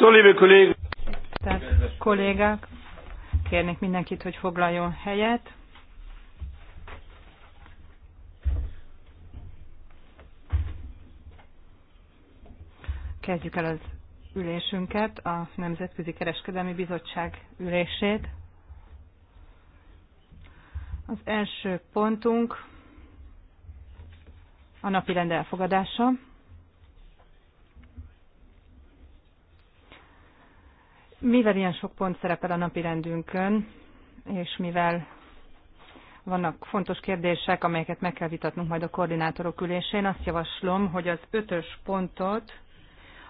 So, liebe Kollegen. Tehát kollégák, kérnék mindenkit, hogy foglaljon helyet. Kezdjük el az ülésünket, a Nemzetközi Kereskedelmi Bizottság ülését. Az első pontunk a rend elfogadása. Mivel ilyen sok pont szerepel a napi rendünkön, és mivel vannak fontos kérdések, amelyeket meg kell vitatnunk majd a koordinátorok ülésén, azt javaslom, hogy az ötös pontot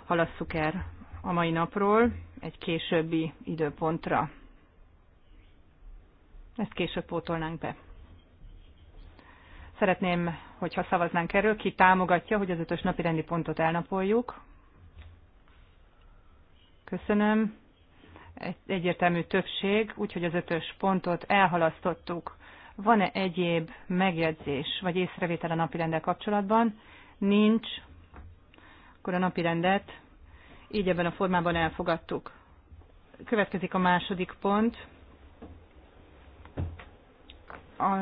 halasszuk el a mai napról egy későbbi időpontra. Ezt később pótolnánk be. Szeretném, hogyha szavaznánk erről, ki támogatja, hogy az ötös napi rendi pontot elnapoljuk. Köszönöm egyértelmű többség, úgyhogy az ötös pontot elhalasztottuk. Van-e egyéb megjegyzés vagy észrevétel a napirendel kapcsolatban? Nincs. Akkor a napirendet így ebben a formában elfogadtuk. Következik a második pont. A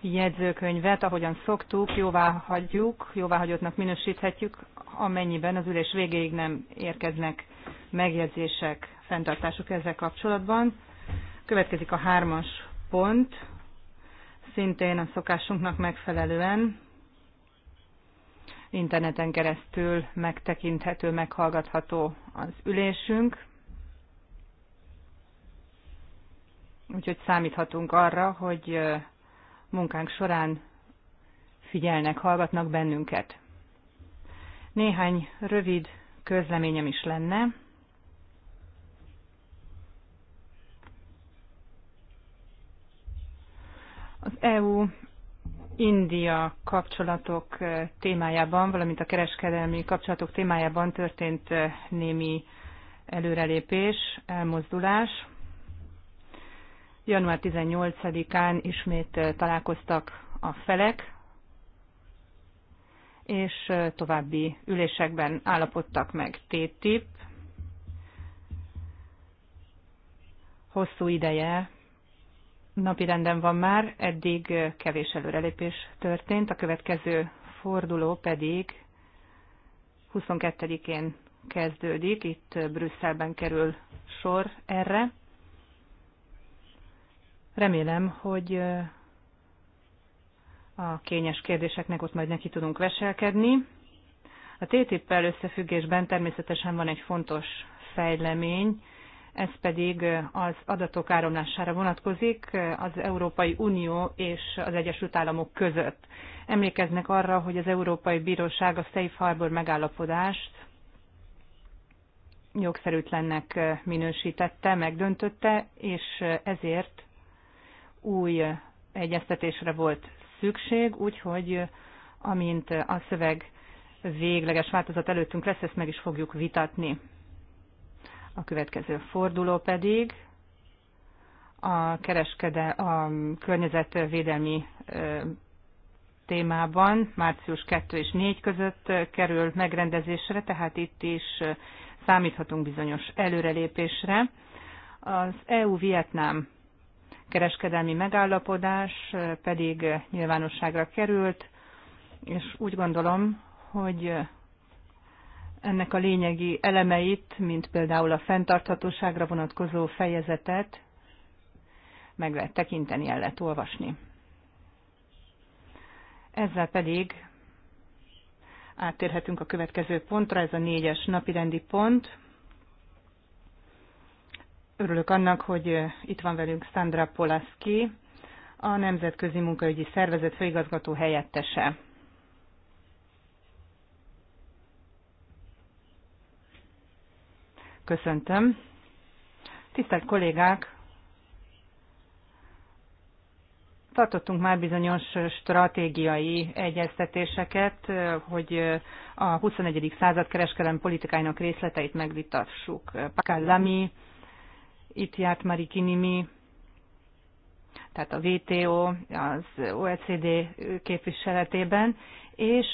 jegyzőkönyvet, ahogyan szoktuk, jóvá hagyjuk, hagyottnak minősíthetjük, amennyiben az ülés végéig nem érkeznek megjegyzések fenntartásuk ezzel kapcsolatban. Következik a hármas pont, szintén a szokásunknak megfelelően interneten keresztül megtekinthető, meghallgatható az ülésünk. Úgyhogy számíthatunk arra, hogy munkánk során figyelnek, hallgatnak bennünket. Néhány rövid közleményem is lenne. Az EU India kapcsolatok eh, témájában, valamint a kereskedelmi kapcsolatok témájában történt eh, némi előrelépés, elmozdulás. Január 18-án ismét eh, találkoztak a felek, és további ülésekben állapodtak meg TTIP. Hosszú ideje renden van már, eddig kevés előrelépés történt, a következő forduló pedig 22-én kezdődik, itt Brüsszelben kerül sor erre. Remélem, hogy a kényes kérdéseknek ott majd neki tudunk veselkedni. A TTIP-pel összefüggésben természetesen van egy fontos fejlemény, ez pedig az adatok áramlására vonatkozik az Európai Unió és az Egyesült Államok között. Emlékeznek arra, hogy az Európai Bíróság a Safe Harbor megállapodást jogszerűtlennek minősítette, megdöntötte, és ezért új egyeztetésre volt szükség, úgyhogy amint a szöveg végleges változat előttünk lesz, ezt meg is fogjuk vitatni. A következő forduló pedig a, kereskede, a környezetvédelmi témában március 2 és 4 között kerül megrendezésre, tehát itt is számíthatunk bizonyos előrelépésre. Az EU-Vietnám kereskedelmi megállapodás pedig nyilvánosságra került, és úgy gondolom, hogy ennek a lényegi elemeit, mint például a fenntarthatóságra vonatkozó fejezetet meg lehet tekinteni, el lehet olvasni. Ezzel pedig áttérhetünk a következő pontra, ez a négyes napirendi pont. Örülök annak, hogy eh, itt van velünk Sandra Polaszki, a Nemzetközi Munkaügyi Szervezet főigazgató helyettese. Köszöntöm. Tisztelt kollégák! Tartottunk már bizonyos stratégiai egyeztetéseket, hogy a 21. század kereskedelmi politikáinak részleteit megvitassuk. Pakal Lami, itt járt Mari Kinimi, tehát a WTO, az OECD képviseletében, és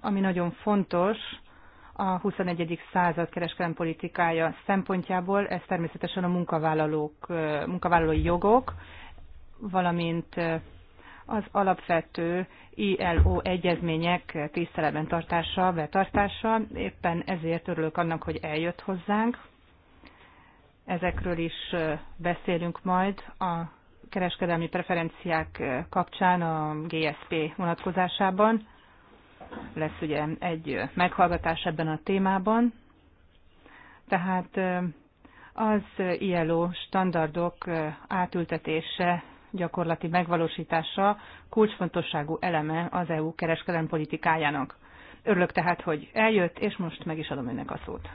ami nagyon fontos, a 21. század kereskedelmi politikája szempontjából, ez természetesen a munkavállalók, munkavállalói jogok, valamint az alapvető ILO egyezmények tiszteletben tartása, betartása. Éppen ezért örülök annak, hogy eljött hozzánk. Ezekről is beszélünk majd a kereskedelmi preferenciák kapcsán a GSP vonatkozásában lesz ugye egy meghallgatás ebben a témában. Tehát az ILO standardok átültetése, gyakorlati megvalósítása kulcsfontosságú eleme az EU kereskedelmi politikájának. Örülök tehát, hogy eljött, és most meg is adom önnek a szót.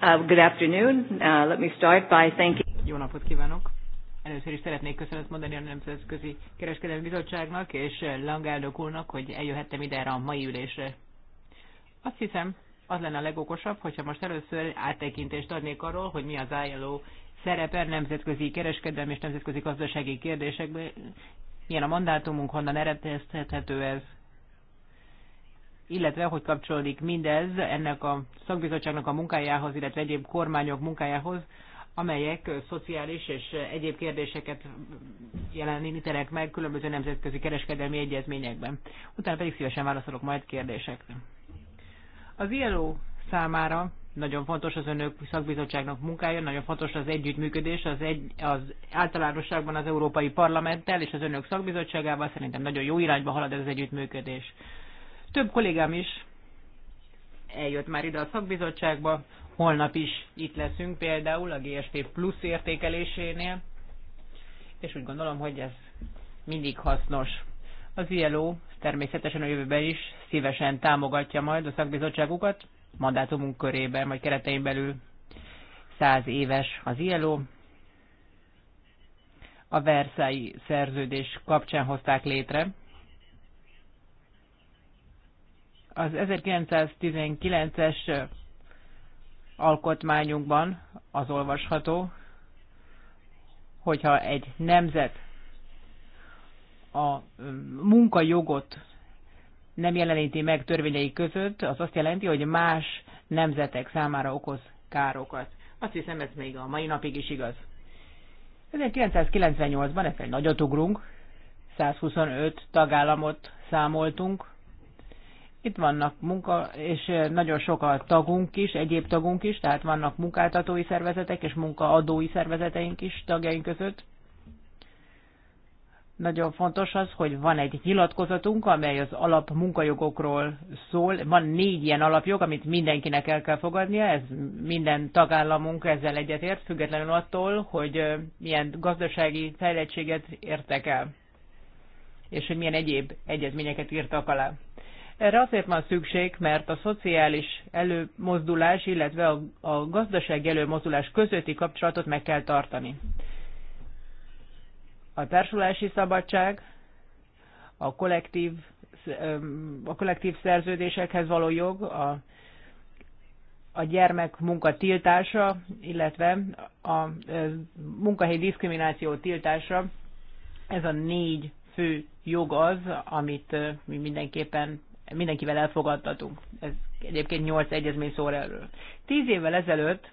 Uh, good afternoon. Uh, let me start by thanking jó napot kívánok! Először is szeretnék köszönet mondani a Nemzetközi Kereskedelmi Bizottságnak és Langálnök úrnak, hogy eljöhettem ide erre a mai ülésre. Azt hiszem, az lenne a legokosabb, hogyha most először áttekintést adnék arról, hogy mi az ILO szerepe nemzetközi kereskedelmi és nemzetközi gazdasági kérdésekben, milyen a mandátumunk, honnan eredezhethető ez, illetve hogy kapcsolódik mindez ennek a szakbizottságnak a munkájához, illetve egyéb kormányok munkájához, amelyek szociális és egyéb kérdéseket jelenítenek meg különböző nemzetközi kereskedelmi egyezményekben. Utána pedig szívesen válaszolok majd kérdésekre. Az ILO számára nagyon fontos az önök szakbizottságnak munkája, nagyon fontos az együttműködés az, egy, az általánosságban az Európai Parlamenttel és az önök szakbizottságával. Szerintem nagyon jó irányba halad ez az együttműködés. Több kollégám is eljött már ide a szakbizottságba, Holnap is itt leszünk például a GSP plusz értékelésénél, és úgy gondolom, hogy ez mindig hasznos. Az ILO természetesen a jövőben is szívesen támogatja majd a szakbizottságukat, mandátumunk körében vagy keretein belül száz éves az ILO. A Versailles szerződés kapcsán hozták létre. Az 1919-es alkotmányunkban az olvasható, hogyha egy nemzet a mm, munkajogot nem jeleníti meg törvényei között, az azt jelenti, hogy más nemzetek számára okoz károkat. Azt hiszem, ez még a mai napig is igaz. 1998-ban, ezt egy nagyot ugrunk, 125 tagállamot számoltunk, itt vannak munka, és eh, nagyon sok a tagunk is, egyéb tagunk is, tehát vannak munkáltatói szervezetek és munkaadói szervezeteink is tagjaink között. Nagyon fontos az, hogy van egy nyilatkozatunk, amely az alap munkajogokról szól. Van négy ilyen alapjog, amit mindenkinek el kell fogadnia, ez minden tagállamunk ezzel egyetért, függetlenül attól, hogy eh, milyen gazdasági fejlettséget értek el, és hogy milyen egyéb egyezményeket írtak alá. Erre azért van szükség, mert a szociális előmozdulás, illetve a, a gazdasági előmozdulás közötti kapcsolatot meg kell tartani. A társulási szabadság, a kollektív, a kollektív szerződésekhez való jog, a, a gyermek munka tiltása, illetve a munkahelyi diszkrimináció tiltása, ez a négy fő jog az, amit mi mindenképpen mindenkivel elfogadtatunk. Ez egyébként 8 egyezmény szóra erről. Tíz évvel ezelőtt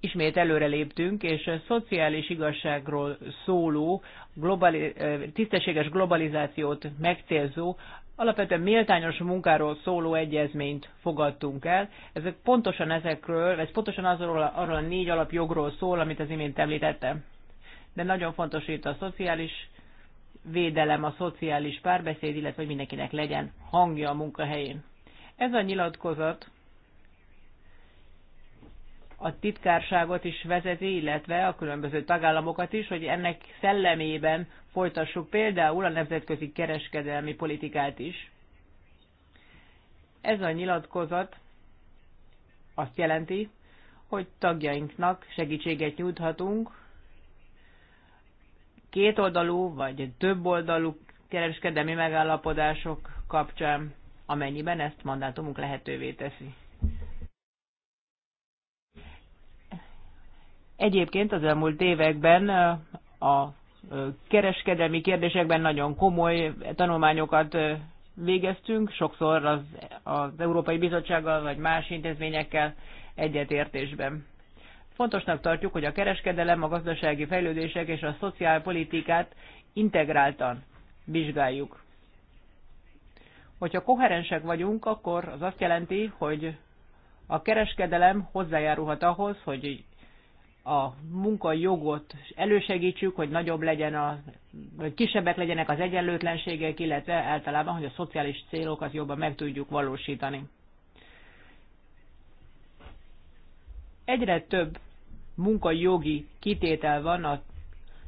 ismét előre léptünk, és a szociális igazságról szóló, globali, eh, tisztességes globalizációt megcélzó, alapvetően méltányos munkáról szóló egyezményt fogadtunk el. Ezek pontosan ezekről, ez pontosan azról, arról a négy alapjogról szól, amit az imént említettem. De nagyon fontos itt a szociális védelem, a szociális párbeszéd, illetve hogy mindenkinek legyen hangja a munkahelyén. Ez a nyilatkozat a titkárságot is vezeti, illetve a különböző tagállamokat is, hogy ennek szellemében folytassuk például a nemzetközi kereskedelmi politikát is. Ez a nyilatkozat azt jelenti, hogy tagjainknak segítséget nyújthatunk kétoldalú vagy többoldalú kereskedelmi megállapodások kapcsán, amennyiben ezt mandátumunk lehetővé teszi. Egyébként az elmúlt években a kereskedelmi kérdésekben nagyon komoly tanulmányokat végeztünk, sokszor az, az Európai Bizottsággal vagy más intézményekkel egyetértésben. Fontosnak tartjuk, hogy a kereskedelem, a gazdasági fejlődések és a szociálpolitikát integráltan vizsgáljuk. Hogyha koherensek vagyunk, akkor az azt jelenti, hogy a kereskedelem hozzájárulhat ahhoz, hogy a munkajogot elősegítsük, hogy nagyobb legyen a, vagy kisebbek legyenek az egyenlőtlenségek, illetve általában, hogy a szociális célokat jobban meg tudjuk valósítani. Egyre több munkajogi kitétel van a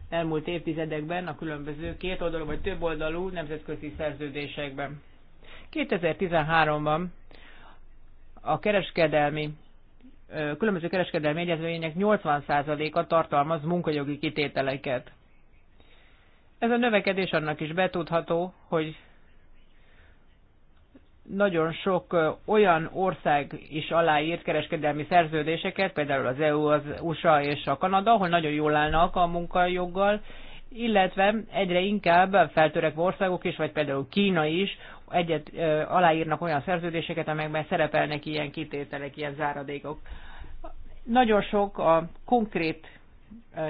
elmúlt évtizedekben a különböző két oldalú vagy több oldalú nemzetközi szerződésekben. 2013-ban a kereskedelmi különböző kereskedelmi egyezmények 80%-a tartalmaz munkajogi kitételeket. Ez a növekedés annak is betudható, hogy nagyon sok olyan ország is aláírt kereskedelmi szerződéseket, például az EU, az USA és a Kanada, ahol nagyon jól állnak a munkajoggal, illetve egyre inkább feltörekvő országok is, vagy például Kína is egyet ö, aláírnak olyan szerződéseket, amelyekben szerepelnek ilyen kitételek, ilyen záradékok. Nagyon sok a konkrét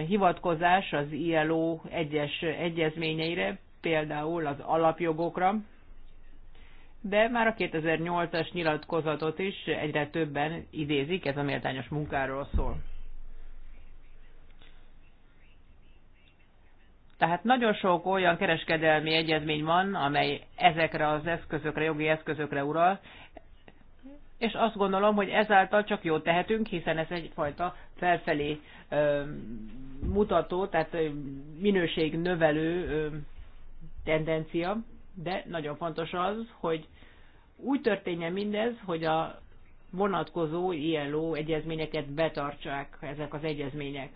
hivatkozás az ILO egyes egyezményeire, például az alapjogokra, de már a 2008-as nyilatkozatot is egyre többen idézik, ez a méltányos munkáról szól. Tehát nagyon sok olyan kereskedelmi egyezmény van, amely ezekre az eszközökre, jogi eszközökre ural, és azt gondolom, hogy ezáltal csak jót tehetünk, hiszen ez egyfajta felfelé ö, mutató, tehát minőségnövelő ö, tendencia de nagyon fontos az, hogy úgy történjen mindez, hogy a vonatkozó ILO egyezményeket betartsák ezek az egyezmények.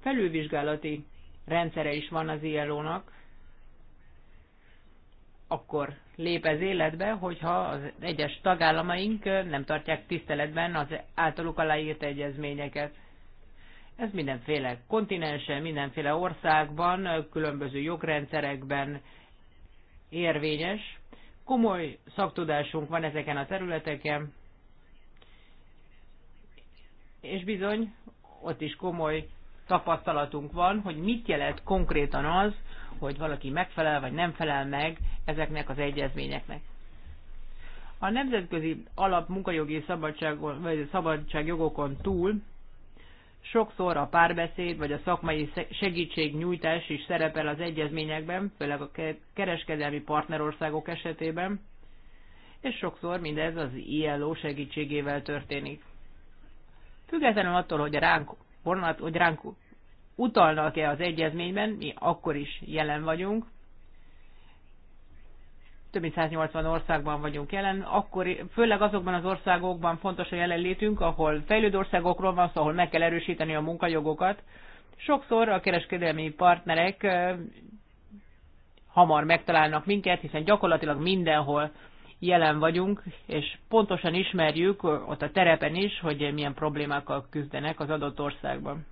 Felülvizsgálati rendszere is van az ILO-nak, akkor lép ez életbe, hogyha az egyes tagállamaink nem tartják tiszteletben az általuk aláírt egyezményeket. Ez mindenféle kontinensen, mindenféle országban, különböző jogrendszerekben érvényes. Komoly szaktudásunk van ezeken a területeken, és bizony ott is komoly tapasztalatunk van, hogy mit jelent konkrétan az, hogy valaki megfelel vagy nem felel meg ezeknek az egyezményeknek. A nemzetközi alap munkajogi szabadság, vagy szabadságjogokon túl Sokszor a párbeszéd vagy a szakmai segítségnyújtás is szerepel az egyezményekben, főleg a kereskedelmi partnerországok esetében, és sokszor mindez az ILO segítségével történik. Függetlenül attól, hogy ránk, vonat, hogy ránk utalnak-e az egyezményben, mi akkor is jelen vagyunk, több mint 180 országban vagyunk jelen, akkor főleg azokban az országokban fontos a jelenlétünk, ahol fejlődő országokról van szó, ahol meg kell erősíteni a munkajogokat. Sokszor a kereskedelmi partnerek hamar megtalálnak minket, hiszen gyakorlatilag mindenhol jelen vagyunk, és pontosan ismerjük ott a terepen is, hogy milyen problémákkal küzdenek az adott országban.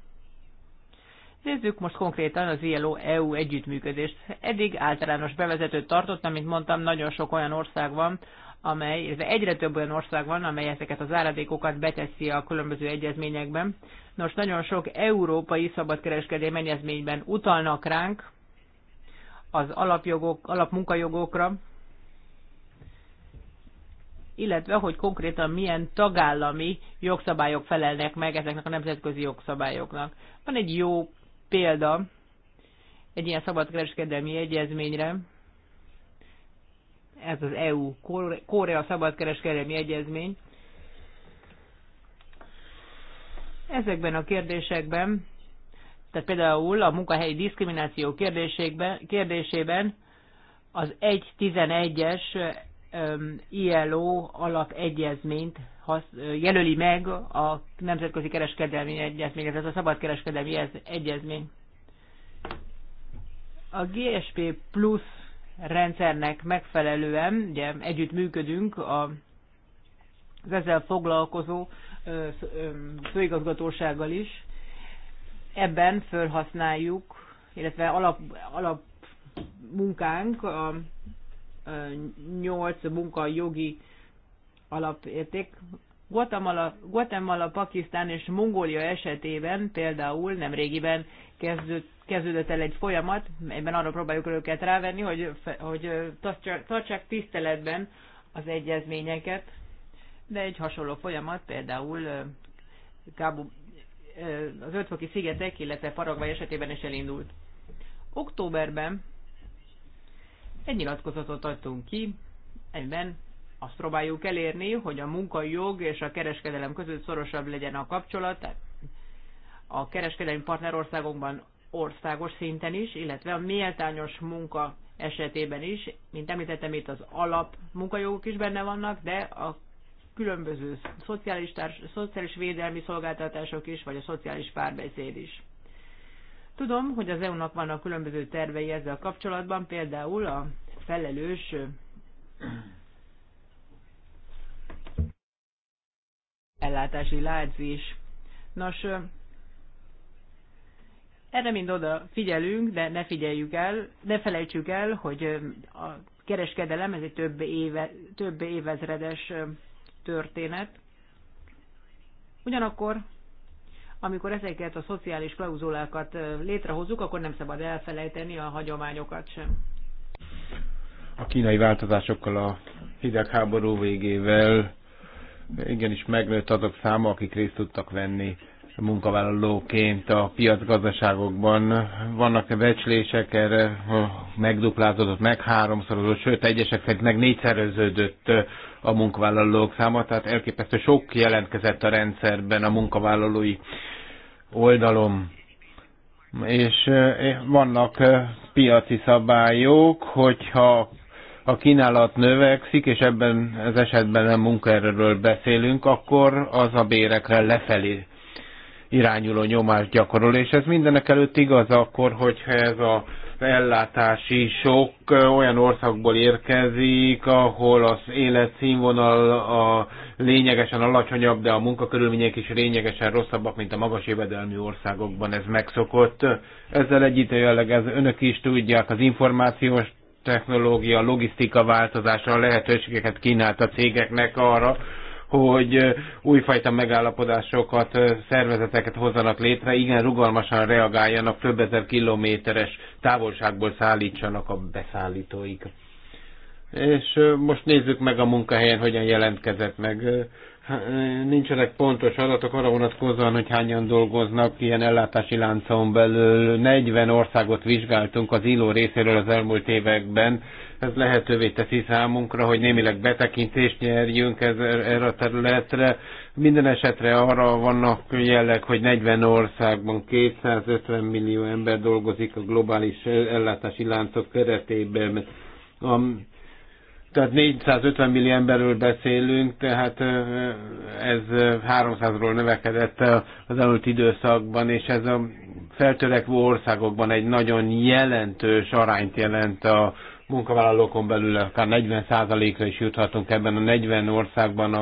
Nézzük most konkrétan az ILO-EU együttműködést. Eddig általános bevezetőt tartottam, mint mondtam, nagyon sok olyan ország van, amely, ez egyre több olyan ország van, amely ezeket az áradékokat beteszi a különböző egyezményekben. Nos, nagyon sok európai szabadkereskedelmi egyezményben utalnak ránk az alapjogok, alapmunkajogokra, illetve hogy konkrétan milyen tagállami jogszabályok felelnek meg ezeknek a nemzetközi jogszabályoknak. Van egy jó példa egy ilyen szabadkereskedelmi egyezményre, ez az EU Korea szabadkereskedelmi egyezmény. Ezekben a kérdésekben, tehát például a munkahelyi diszkrimináció kérdésében az 1.11-es ILO alapegyezményt hasz, jelöli meg a Nemzetközi Kereskedelmi Egyezmény, ez a kereskedelmi Egyezmény. A GSP Plus rendszernek megfelelően ugye, együtt működünk a, az ezzel foglalkozó főigazgatósággal is. Ebben felhasználjuk, illetve alap, alap munkánk a, a nyolc munkajogi alapérték. Guatemala, Guatemala, Pakisztán és Mongólia esetében például régiben kezdődött, kezdődött el egy folyamat, ebben arra próbáljuk őket rávenni, hogy, hogy tartsák tiszteletben az egyezményeket, de egy hasonló folyamat például Kábu, az ötfoki szigetek, illetve Paragvaj esetében is elindult. Októberben egy nyilatkozatot adtunk ki, egyben azt próbáljuk elérni, hogy a munkajog és a kereskedelem között szorosabb legyen a kapcsolat, a kereskedelmi partnerországokban országos szinten is, illetve a méltányos munka esetében is. Mint említettem, itt az alap munkajogok is benne vannak, de a különböző szociális, társ, szociális védelmi szolgáltatások is, vagy a szociális párbeszéd is. Tudom, hogy az EU-nak vannak különböző tervei ezzel kapcsolatban, például a felelős ellátási lánc Nos, erre mind oda figyelünk, de ne figyeljük el, ne felejtsük el, hogy a kereskedelem ez egy több, éve, több évezredes történet. Ugyanakkor, amikor ezeket a szociális klauzulákat létrehozzuk, akkor nem szabad elfelejteni a hagyományokat sem. A kínai változásokkal a hidegháború végével igenis megnőtt azok száma, akik részt tudtak venni munkavállalóként a piacgazdaságokban. Vannak becslések erre megduplázódott, meg háromszorozott, sőt egyesek szerint meg négyszeröződött a munkavállalók száma, tehát elképesztő sok jelentkezett a rendszerben a munkavállalói oldalom, És eh, vannak eh, piaci szabályok, hogyha a kínálat növekszik, és ebben az esetben nem munkaerőről beszélünk, akkor az a bérekre lefelé irányuló nyomás gyakorol, és ez mindenek előtt igaz akkor, hogyha ez a ellátási sok olyan országból érkezik, ahol az életszínvonal a lényegesen alacsonyabb, de a munkakörülmények is lényegesen rosszabbak, mint a magas jövedelmű országokban ez megszokott. Ezzel együtt jelleg, ez önök is tudják, az információs technológia, logisztika változása a lehetőségeket kínált a cégeknek arra, hogy újfajta megállapodásokat, szervezeteket hozzanak létre, igen rugalmasan reagáljanak, több ezer kilométeres távolságból szállítsanak a beszállítóik. És most nézzük meg a munkahelyen, hogyan jelentkezett meg nincsenek pontos adatok arra vonatkozóan, hogy hányan dolgoznak ilyen ellátási láncon belül. 40 országot vizsgáltunk az ILO részéről az elmúlt években. Ez lehetővé teszi számunkra, hogy némileg betekintést nyerjünk ez, erre a területre. Minden esetre arra vannak jelleg, hogy 40 országban 250 millió ember dolgozik a globális ellátási láncok keretében. A tehát 450 millió emberről beszélünk, tehát ez 300-ról növekedett az elmúlt időszakban, és ez a feltörekvő országokban egy nagyon jelentős arányt jelent a munkavállalókon belül, akár 40%-ra is juthatunk ebben a 40 országban,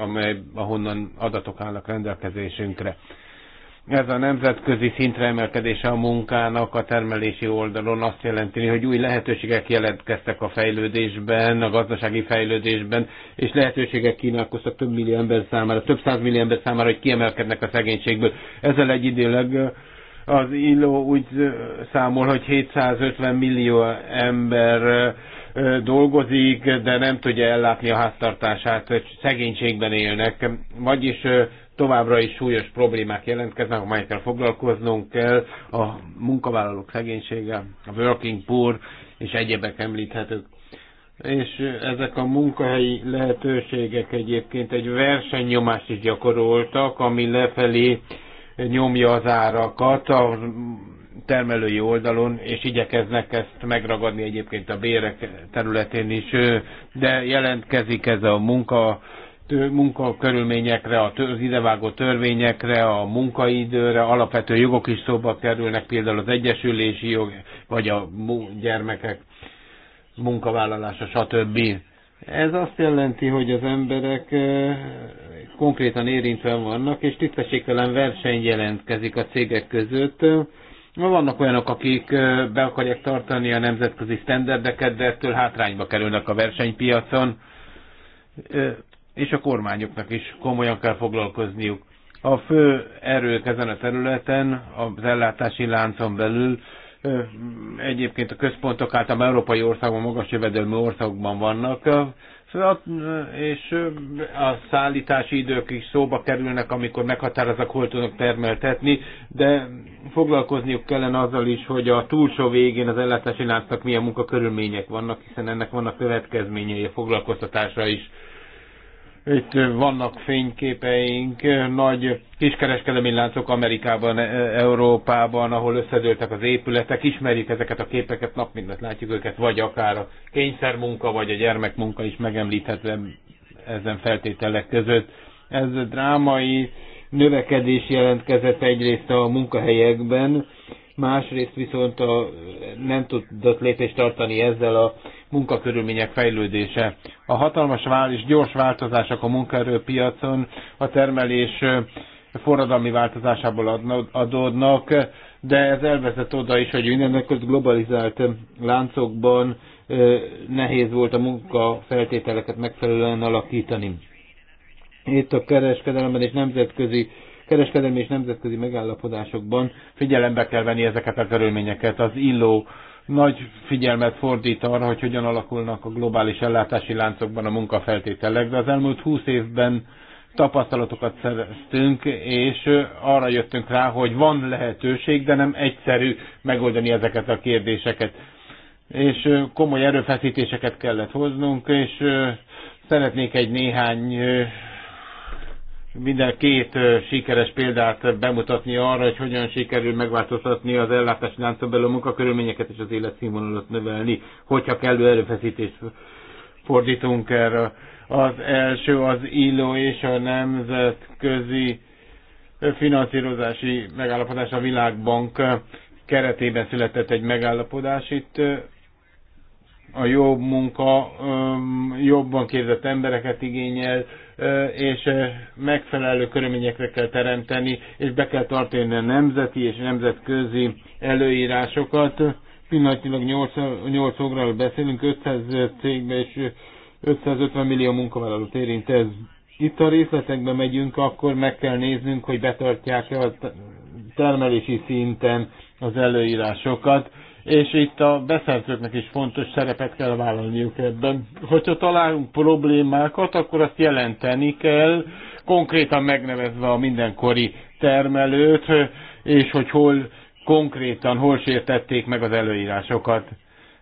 amely, ahonnan adatok állnak rendelkezésünkre ez a nemzetközi szintre emelkedése a munkának a termelési oldalon azt jelenti, hogy új lehetőségek jelentkeztek a fejlődésben, a gazdasági fejlődésben, és lehetőségek kínálkoztak több millió ember számára, több millió ember számára, hogy kiemelkednek a szegénységből. Ezzel időleg az ILO úgy számol, hogy 750 millió ember dolgozik, de nem tudja ellátni a háztartását, szegénységben élnek. Vagyis továbbra is súlyos problémák jelentkeznek, amelyekkel foglalkoznunk kell, a munkavállalók szegénysége, a working poor és egyebek említhetők. És ezek a munkahelyi lehetőségek egyébként egy versenynyomást is gyakoroltak, ami lefelé nyomja az árakat a termelői oldalon, és igyekeznek ezt megragadni egyébként a bérek területén is, de jelentkezik ez a munka munkakörülményekre, a idevágó törvényekre, a munkaidőre, alapvető jogok is szóba kerülnek, például az egyesülési jog, vagy a gyermekek munkavállalása, stb. Ez azt jelenti, hogy az emberek konkrétan érintve vannak, és tisztességtelen verseny jelentkezik a cégek között. Vannak olyanok, akik be akarják tartani a nemzetközi sztenderdeket, de ettől hátrányba kerülnek a versenypiacon és a kormányoknak is komolyan kell foglalkozniuk. A fő erők ezen a területen, az ellátási láncon belül egyébként a központok által európai országban, magas jövedelmű országokban vannak, és a szállítási idők is szóba kerülnek, amikor meghatározak, hol tudnak termeltetni, de foglalkozniuk kellene azzal is, hogy a túlsó végén az ellátási láncnak milyen munkakörülmények vannak, hiszen ennek vannak következményei a foglalkoztatásra is. Itt vannak fényképeink, nagy kiskereskedelmi láncok Amerikában, e, Európában, ahol összedőltek az épületek, ismerjük ezeket a képeket, nap mindent látjuk őket, vagy akár a kényszermunka, vagy a gyermekmunka is megemlíthetve ezen feltételek között. Ez drámai növekedés jelentkezett egyrészt a munkahelyekben, másrészt viszont a, nem tudott lépést tartani ezzel a munkakörülmények fejlődése. A hatalmas vál és gyors változások a munkaerőpiacon a termelés forradalmi változásából adódnak, de ez elvezet oda is, hogy mindenek között globalizált láncokban nehéz volt a munkafeltételeket megfelelően alakítani. Itt a kereskedelemben és nemzetközi kereskedelmi és nemzetközi megállapodásokban figyelembe kell venni ezeket a körülményeket. Az illó nagy figyelmet fordít arra, hogy hogyan alakulnak a globális ellátási láncokban a munkafeltételek, de az elmúlt húsz évben tapasztalatokat szereztünk, és arra jöttünk rá, hogy van lehetőség, de nem egyszerű megoldani ezeket a kérdéseket. És komoly erőfeszítéseket kellett hoznunk, és szeretnék egy néhány minden két sikeres példát bemutatni arra, hogy hogyan sikerül megváltoztatni az ellátási láncon belül a munkakörülményeket és az életszínvonalat növelni, hogyha kellő erőfeszítést fordítunk erre. Az első az ILO és a nemzetközi finanszírozási megállapodás a Világbank keretében született egy megállapodás itt a jobb munka jobban képzett embereket igényel, és megfelelő körülményekre kell teremteni, és be kell tartani a nemzeti és nemzetközi előírásokat. Pillanatilag 8, 8 óráról beszélünk, 500 cégbe és 550 millió munkavállalót érint ez. Itt a részletekbe megyünk, akkor meg kell néznünk, hogy betartják-e a termelési szinten az előírásokat és itt a beszerzőknek is fontos szerepet kell vállalniuk ebben. Hogyha találunk problémákat, akkor azt jelenteni kell, konkrétan megnevezve a mindenkori termelőt, és hogy hol konkrétan, hol sértették meg az előírásokat.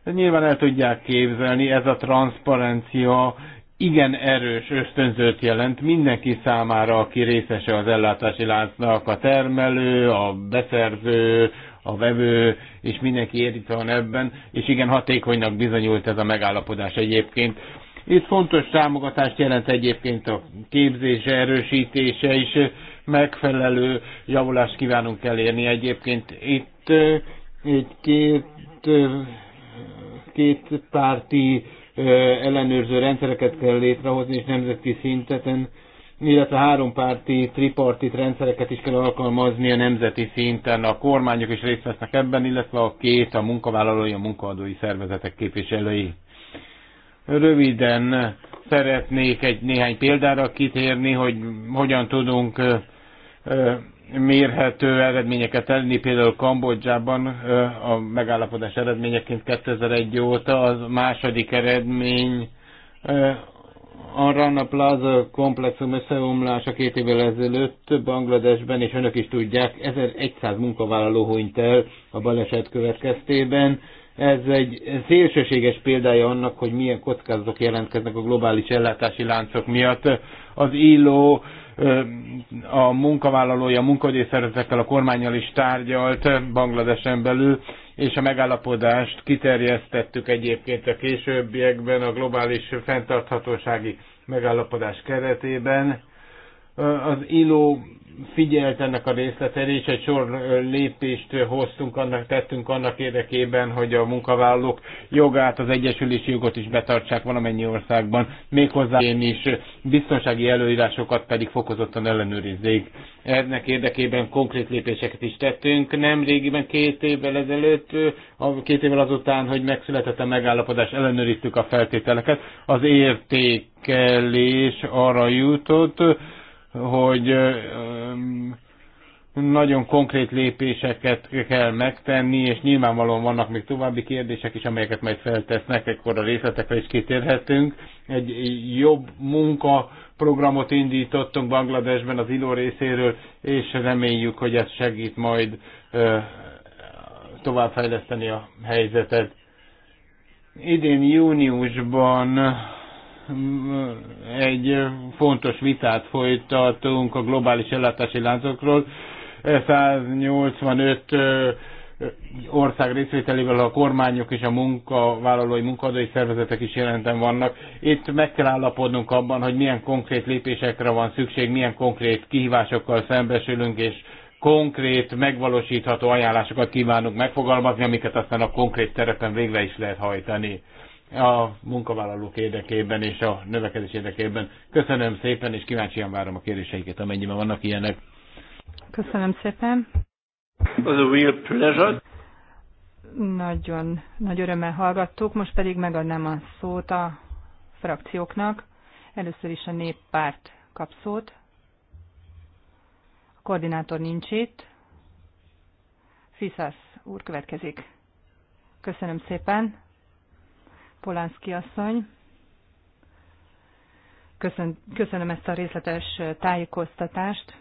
Nyilván el tudják képzelni, ez a transzparencia igen erős ösztönzőt jelent mindenki számára, aki részese az ellátási láncnak, a termelő, a beszerző, a vevő, és mindenki érintve van ebben, és igen hatékonynak bizonyult ez a megállapodás egyébként. Itt fontos támogatást jelent egyébként a képzés erősítése is, megfelelő javulást kívánunk elérni egyébként. Itt eh, egy két, eh, két párti ellenőrző rendszereket kell létrehozni, és nemzeti szinteten, illetve hárompárti, tripartit rendszereket is kell alkalmazni a nemzeti szinten. A kormányok is részt vesznek ebben, illetve a két, a munkavállalói, a munkaadói szervezetek képviselői. Röviden szeretnék egy néhány példára kitérni, hogy hogyan tudunk mérhető eredményeket elni, például Kambodzsában a megállapodás eredményeként 2001 óta az második eredmény a Rana Plaza komplexum összeomlása két évvel ezelőtt Bangladesben, és önök is tudják, 1100 munkavállaló hunyt el a baleset következtében. Ez egy szélsőséges példája annak, hogy milyen kockázatok jelentkeznek a globális ellátási láncok miatt. Az illó a munkavállalója a munkahogyi szervezetekkel, a kormányjal is tárgyalt Bangladesen belül, és a megállapodást kiterjesztettük egyébként a későbbiekben a globális fenntarthatósági megállapodás keretében az Iló figyelt ennek a részletére, és egy sor lépést hoztunk, annak, tettünk annak érdekében, hogy a munkavállalók jogát, az egyesülési jogot is betartsák valamennyi országban, méghozzá én is biztonsági előírásokat pedig fokozottan ellenőrizzék. Ennek érdekében konkrét lépéseket is tettünk. Nem régiben két évvel ezelőtt, két évvel azután, hogy megszületett a megállapodás, ellenőriztük a feltételeket. Az értékelés arra jutott, hogy nagyon konkrét lépéseket kell megtenni, és nyilvánvalóan vannak még további kérdések is, amelyeket majd feltesznek, ekkor a részletekre is kitérhetünk. Egy jobb munkaprogramot indítottunk Bangladesben az ILO részéről, és reméljük, hogy ez segít majd továbbfejleszteni a helyzetet. Idén júniusban egy fontos vitát folytatunk a globális ellátási láncokról. 185 ország részvételével a kormányok és a munkavállalói munkadói szervezetek is jelenten vannak. Itt meg kell állapodnunk abban, hogy milyen konkrét lépésekre van szükség, milyen konkrét kihívásokkal szembesülünk, és konkrét, megvalósítható ajánlásokat kívánunk megfogalmazni, amiket aztán a konkrét terepen végre is lehet hajtani a munkavállalók érdekében és a növekedés érdekében. Köszönöm szépen, és kíváncsian várom a kérdéseiket, amennyiben vannak ilyenek. Köszönöm szépen. Az a real pleasure. Nagyon nagy örömmel hallgattuk, most pedig megadnám a szót a frakcióknak. Először is a néppárt kap szót. A koordinátor nincs itt. Fiszász úr következik. Köszönöm szépen. Polánszki asszony. Köszön, köszönöm ezt a részletes tájékoztatást.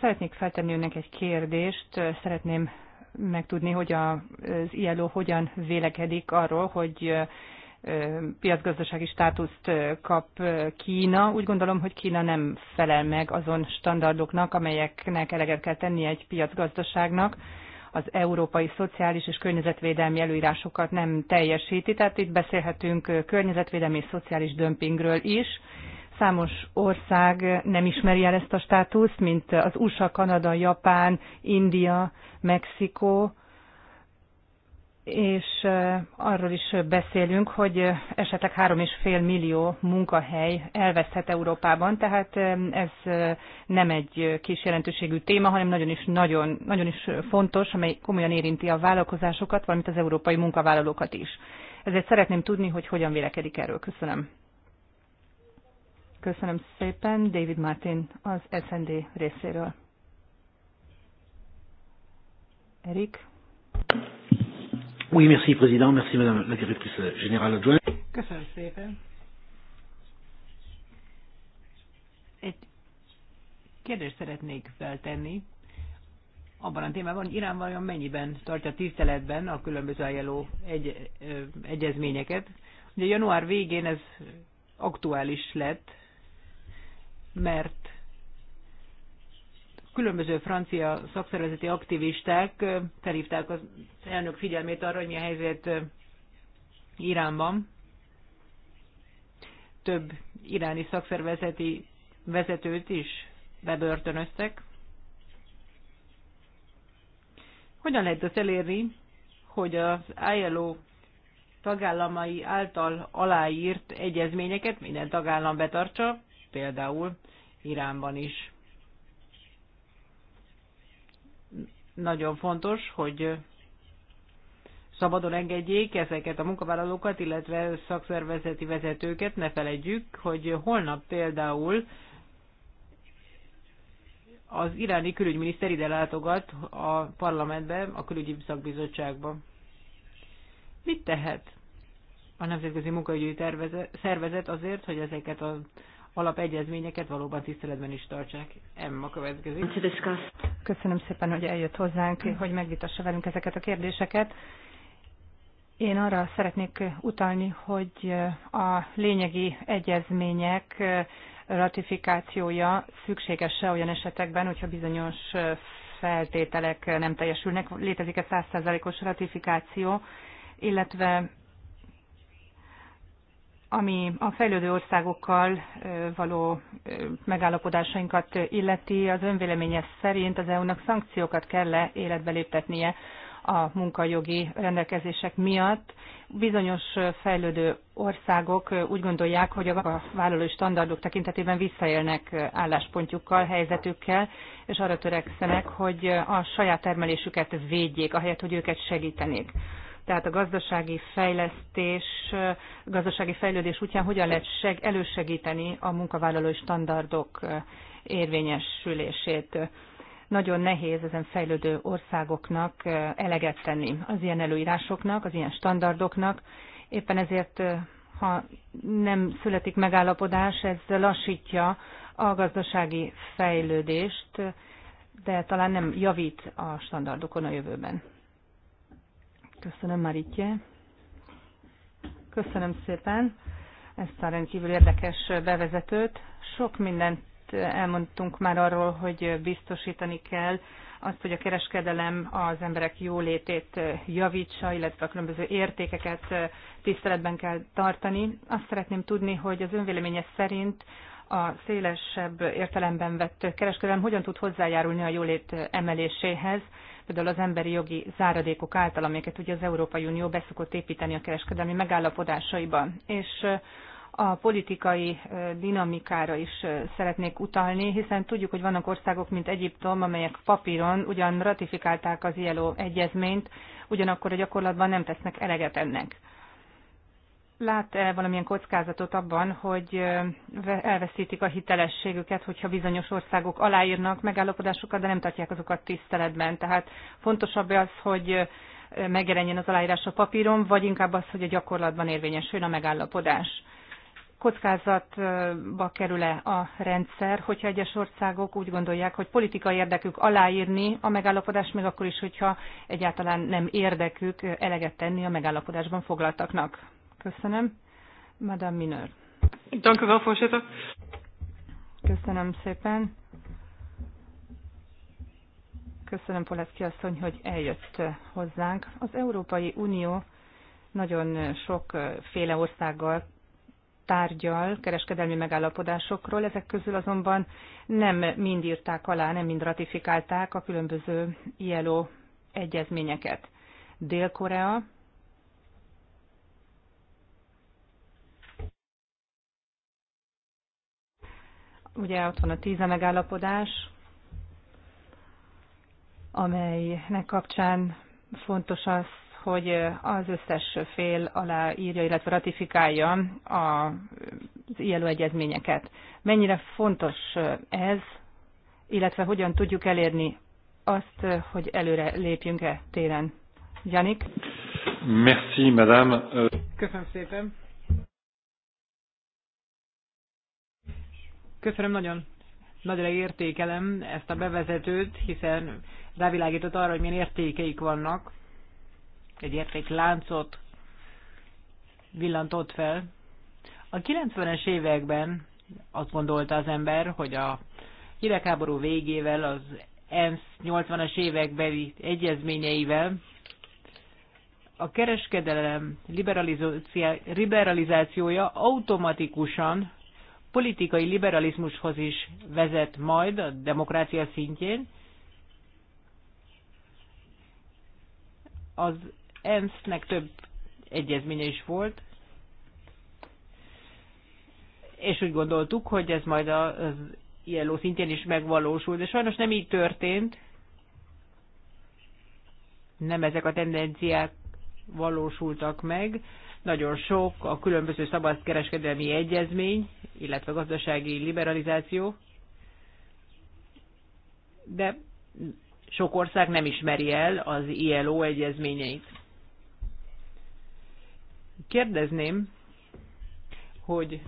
Szeretnék feltenni önnek egy kérdést. Szeretném megtudni, hogy az ILO hogyan vélekedik arról, hogy piacgazdasági státuszt kap Kína. Úgy gondolom, hogy Kína nem felel meg azon standardoknak, amelyeknek eleget kell tenni egy piacgazdaságnak az európai szociális és környezetvédelmi előírásokat nem teljesíti. Tehát itt beszélhetünk környezetvédelmi és szociális dömpingről is. Számos ország nem ismeri el ezt a státuszt, mint az USA, Kanada, Japán, India, Mexikó, és arról is beszélünk, hogy esetleg 3,5 millió munkahely elveszhet Európában, tehát ez nem egy kis jelentőségű téma, hanem nagyon is, nagyon, nagyon is fontos, amely komolyan érinti a vállalkozásokat, valamint az európai munkavállalókat is. Ezért szeretném tudni, hogy hogyan vélekedik erről. Köszönöm. Köszönöm szépen. David Martin az SND részéről. Erik. Oui, merci, président. Merci, madame la directrice générale adjointe. Köszönöm szépen. Egy kérdést szeretnék feltenni abban a témában, hogy Irán vajon mennyiben tartja tiszteletben a különböző ILO egy, ö, egyezményeket. Ugye január végén ez aktuális lett, mert különböző francia szakszervezeti aktivisták felhívták az elnök figyelmét arra, hogy mi a helyzet Iránban. Több iráni szakszervezeti vezetőt is bebörtönöztek. Hogyan lehet az elérni, hogy az ILO tagállamai által aláírt egyezményeket minden tagállam betartsa, például Iránban is. Nagyon fontos, hogy szabadon engedjék ezeket a munkavállalókat, illetve szakszervezeti vezetőket. Ne felejtjük, hogy holnap például az iráni külügyminiszter ide látogat a parlamentbe, a külügyi szakbizottságba. Mit tehet a Nemzetközi Munkaügyi Szervezet azért, hogy ezeket a alapegyezményeket valóban tiszteletben is tartsák. Emma következik. Köszönöm szépen, hogy eljött hozzánk, mm. hogy megvitassa velünk ezeket a kérdéseket. Én arra szeretnék utalni, hogy a lényegi egyezmények ratifikációja szükséges-e olyan esetekben, hogyha bizonyos feltételek nem teljesülnek. Létezik-e százszerzalékos ratifikáció, illetve ami a fejlődő országokkal való megállapodásainkat illeti, az önvéleménye szerint az EU-nak szankciókat kell -e életbe léptetnie a munkajogi rendelkezések miatt. Bizonyos fejlődő országok úgy gondolják, hogy a vállalói standardok tekintetében visszaélnek álláspontjukkal, helyzetükkel, és arra törekszenek, hogy a saját termelésüket védjék, ahelyett, hogy őket segítenék tehát a gazdasági fejlesztés, gazdasági fejlődés útján hogyan lehet seg- elősegíteni a munkavállalói standardok érvényesülését. Nagyon nehéz ezen fejlődő országoknak eleget tenni az ilyen előírásoknak, az ilyen standardoknak. Éppen ezért, ha nem születik megállapodás, ez lassítja a gazdasági fejlődést, de talán nem javít a standardokon a jövőben. Köszönöm, Maritje. Köszönöm szépen ezt a rendkívül érdekes bevezetőt. Sok mindent elmondtunk már arról, hogy biztosítani kell azt, hogy a kereskedelem az emberek jólétét javítsa, illetve a különböző értékeket tiszteletben kell tartani. Azt szeretném tudni, hogy az önvéleménye szerint a szélesebb értelemben vett kereskedelem hogyan tud hozzájárulni a jólét emeléséhez, például az emberi jogi záradékok által, amiket ugye az Európai Unió beszokott építeni a kereskedelmi megállapodásaiban. És a politikai dinamikára is szeretnék utalni, hiszen tudjuk, hogy vannak országok, mint Egyiptom, amelyek papíron ugyan ratifikálták az ILO egyezményt, ugyanakkor a gyakorlatban nem tesznek eleget ennek lát-e valamilyen kockázatot abban, hogy elveszítik a hitelességüket, hogyha bizonyos országok aláírnak megállapodásokat, de nem tartják azokat tiszteletben. Tehát fontosabb az, hogy megjelenjen az aláírás a papíron, vagy inkább az, hogy a gyakorlatban érvényesüljön a megállapodás. Kockázatba kerül-e a rendszer, hogyha egyes országok úgy gondolják, hogy politikai érdekük aláírni a megállapodást, még akkor is, hogyha egyáltalán nem érdekük eleget tenni a megállapodásban foglaltaknak? Köszönöm. Madame Minör. Dank u wel, voorzitter. Köszönöm szépen. Köszönöm Poleszki asszony, hogy eljött hozzánk. Az Európai Unió nagyon sokféle országgal tárgyal kereskedelmi megállapodásokról, ezek közül azonban nem mind írták alá, nem mind ratifikálták a különböző ILO egyezményeket. Dél-Korea Ugye ott van a tíze megállapodás, amelynek kapcsán fontos az, hogy az összes fél alá írja, illetve ratifikálja az ILO egyezményeket. Mennyire fontos ez, illetve hogyan tudjuk elérni azt, hogy előre lépjünk-e téren? Janik? Merci, madame. Köszönöm szépen. Köszönöm nagyon. Nagyra értékelem ezt a bevezetőt, hiszen rávilágított arra, hogy milyen értékeik vannak. Egy értékláncot villantott fel. A 90-es években azt gondolta az ember, hogy a hidegháború végével, az ENSZ 80-as évekbeli egyezményeivel a kereskedelem liberalizációja automatikusan politikai liberalizmushoz is vezet majd a demokrácia szintjén. Az ENSZ-nek több egyezménye is volt, és úgy gondoltuk, hogy ez majd az ILO szintjén is megvalósul, de sajnos nem így történt. Nem ezek a tendenciák valósultak meg. Nagyon sok a különböző szabadkereskedelmi egyezmény, illetve gazdasági liberalizáció, de sok ország nem ismeri el az ILO egyezményeit. Kérdezném, hogy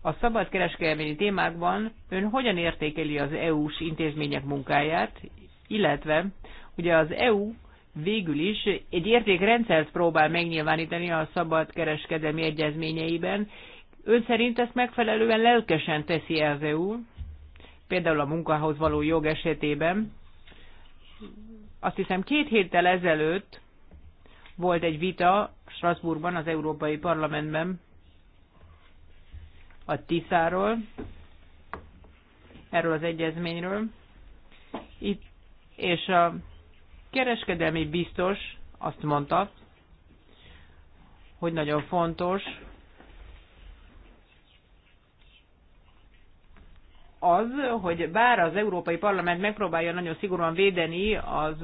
a szabadkereskedelmi témákban ön hogyan értékeli az EU-s intézmények munkáját, illetve ugye az EU végül is egy értékrendszert próbál megnyilvánítani a szabad kereskedelmi egyezményeiben. Ön szerint ezt megfelelően lelkesen teszi az EU, például a munkahoz való jog esetében. Azt hiszem két héttel ezelőtt volt egy vita Strasbourgban, az Európai Parlamentben a TISZÁról, erről az egyezményről. Itt, és a kereskedelmi biztos azt mondta, hogy nagyon fontos az, hogy bár az Európai Parlament megpróbálja nagyon szigorúan védeni az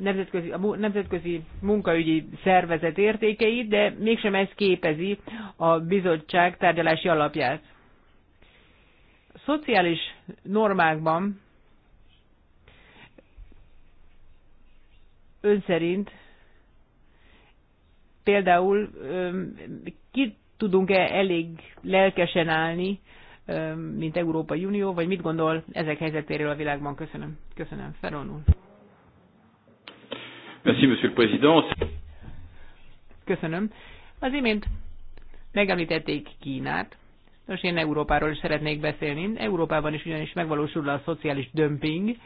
nemzetközi, a nemzetközi munkaügyi szervezet értékeit, de mégsem ez képezi a bizottság tárgyalási alapját. szociális normákban ön szerint például ki tudunk-e elég lelkesen állni, mint Európai Unió, vagy mit gondol ezek helyzetéről a világban? Köszönöm. Köszönöm, Feronul. úr. Merci, Monsieur le Président. Köszönöm. Az imént megemlítették Kínát. Most én Európáról is szeretnék beszélni. Európában is ugyanis megvalósul a szociális dömping,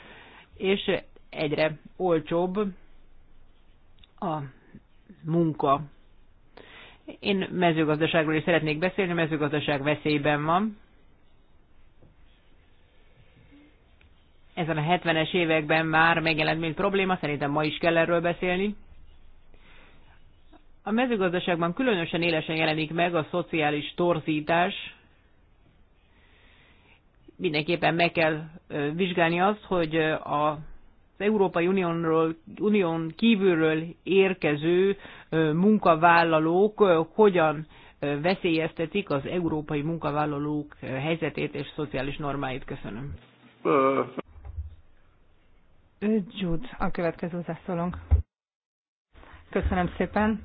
és egyre olcsóbb a munka. Én mezőgazdaságról is szeretnék beszélni, a mezőgazdaság veszélyben van. Ezen a 70-es években már megjelent, mint probléma, szerintem ma is kell erről beszélni. A mezőgazdaságban különösen élesen jelenik meg a szociális torzítás. Mindenképpen meg kell vizsgálni azt, hogy a Európai Uniónról, Unión kívülről érkező munkavállalók hogyan veszélyeztetik az európai munkavállalók helyzetét és szociális normáit. Köszönöm. Jude, a következő zászolónk. Köszönöm szépen.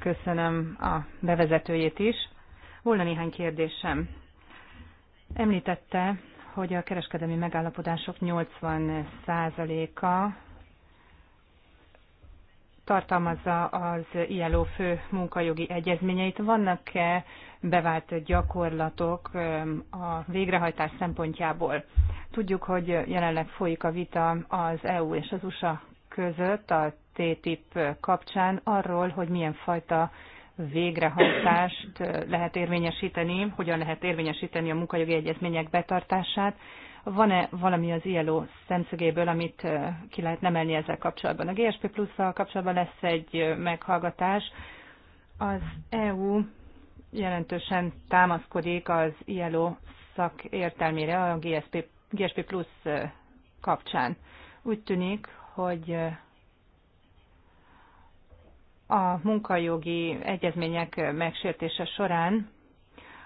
Köszönöm a bevezetőjét is. Volna néhány kérdésem. Említette hogy a kereskedelmi megállapodások 80%-a tartalmazza az ILO fő munkajogi egyezményeit. Vannak-e bevált gyakorlatok a végrehajtás szempontjából? Tudjuk, hogy jelenleg folyik a vita az EU és az USA között a TTIP kapcsán arról, hogy milyen fajta végrehajtást lehet érvényesíteni, hogyan lehet érvényesíteni a munkajogi egyezmények betartását. Van-e valami az ILO szemszögéből, amit ki lehet nemelni ezzel kapcsolatban? A GSP plus kapcsolatban lesz egy meghallgatás. Az EU jelentősen támaszkodik az ILO szakértelmére a GSP, GSP Plus kapcsán. Úgy tűnik, hogy a munkajogi egyezmények megsértése során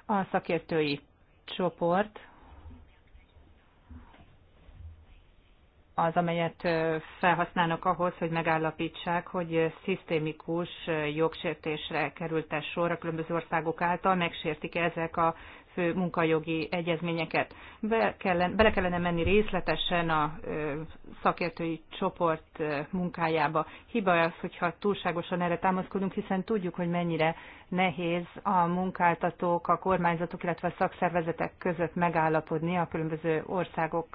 a szakértői csoport, az, amelyet felhasználnak ahhoz, hogy megállapítsák, hogy szisztémikus jogsértésre került sor a különböző országok által, megsértik ezek a fő munkajogi egyezményeket. Be kellene, bele kellene menni részletesen a szakértői csoport munkájába. Hiba az, hogyha túlságosan erre támaszkodunk, hiszen tudjuk, hogy mennyire nehéz a munkáltatók, a kormányzatok, illetve a szakszervezetek között megállapodni a különböző országok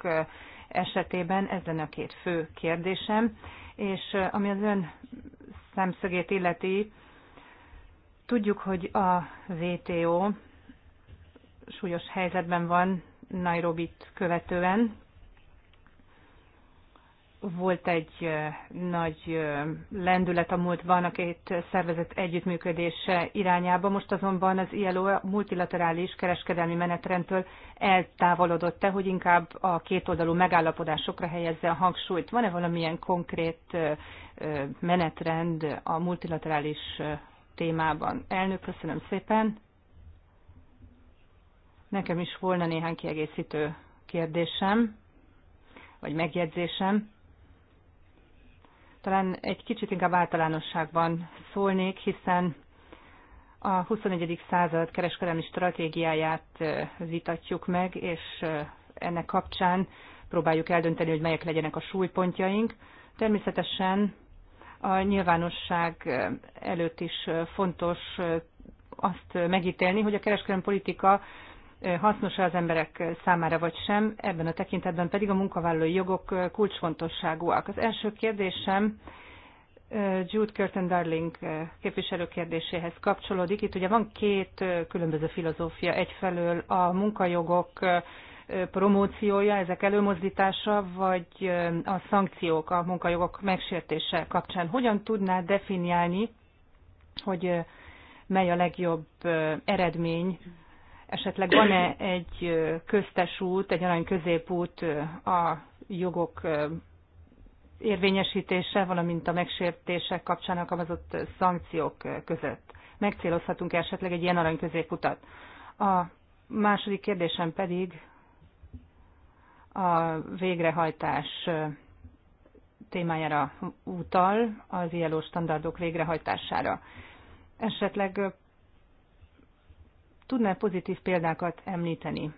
esetében. Ez lenne a két fő kérdésem. És ami az ön szemszögét illeti, tudjuk, hogy a VTO súlyos helyzetben van Nairobit követően. Volt egy nagy lendület a van a két szervezet együttműködése irányába, most azonban az ILO a multilaterális kereskedelmi menetrendtől eltávolodott -e, hogy inkább a kétoldalú megállapodásokra helyezze a hangsúlyt. Van-e valamilyen konkrét menetrend a multilaterális témában? Elnök, köszönöm szépen! Nekem is volna néhány kiegészítő kérdésem, vagy megjegyzésem. Talán egy kicsit inkább általánosságban szólnék, hiszen a 21. század kereskedelmi stratégiáját vitatjuk meg, és ennek kapcsán próbáljuk eldönteni, hogy melyek legyenek a súlypontjaink. Természetesen a nyilvánosság előtt is fontos azt megítélni, hogy a kereskedelmi politika Eh, hasznos az emberek eh, számára vagy sem, ebben a tekintetben pedig a munkavállalói jogok eh, kulcsfontosságúak. Az első kérdésem Jude Curtin Darling képviselő kérdéséhez kapcsolódik. Itt ugye van két különböző filozófia. Egyfelől a munkajogok promóciója, ezek előmozdítása, vagy a szankciók a munkajogok megsértése kapcsán. Hogyan tudná definiálni, hogy mely a legjobb eredmény esetleg van-e egy köztes út, egy arany középút a jogok érvényesítése, valamint a megsértések kapcsán alkalmazott szankciók között. Megcélozhatunk -e esetleg egy ilyen arany középutat? A második kérdésem pedig a végrehajtás témájára utal, az ILO standardok végrehajtására. Esetleg Tudnál pozitív példákat említeni?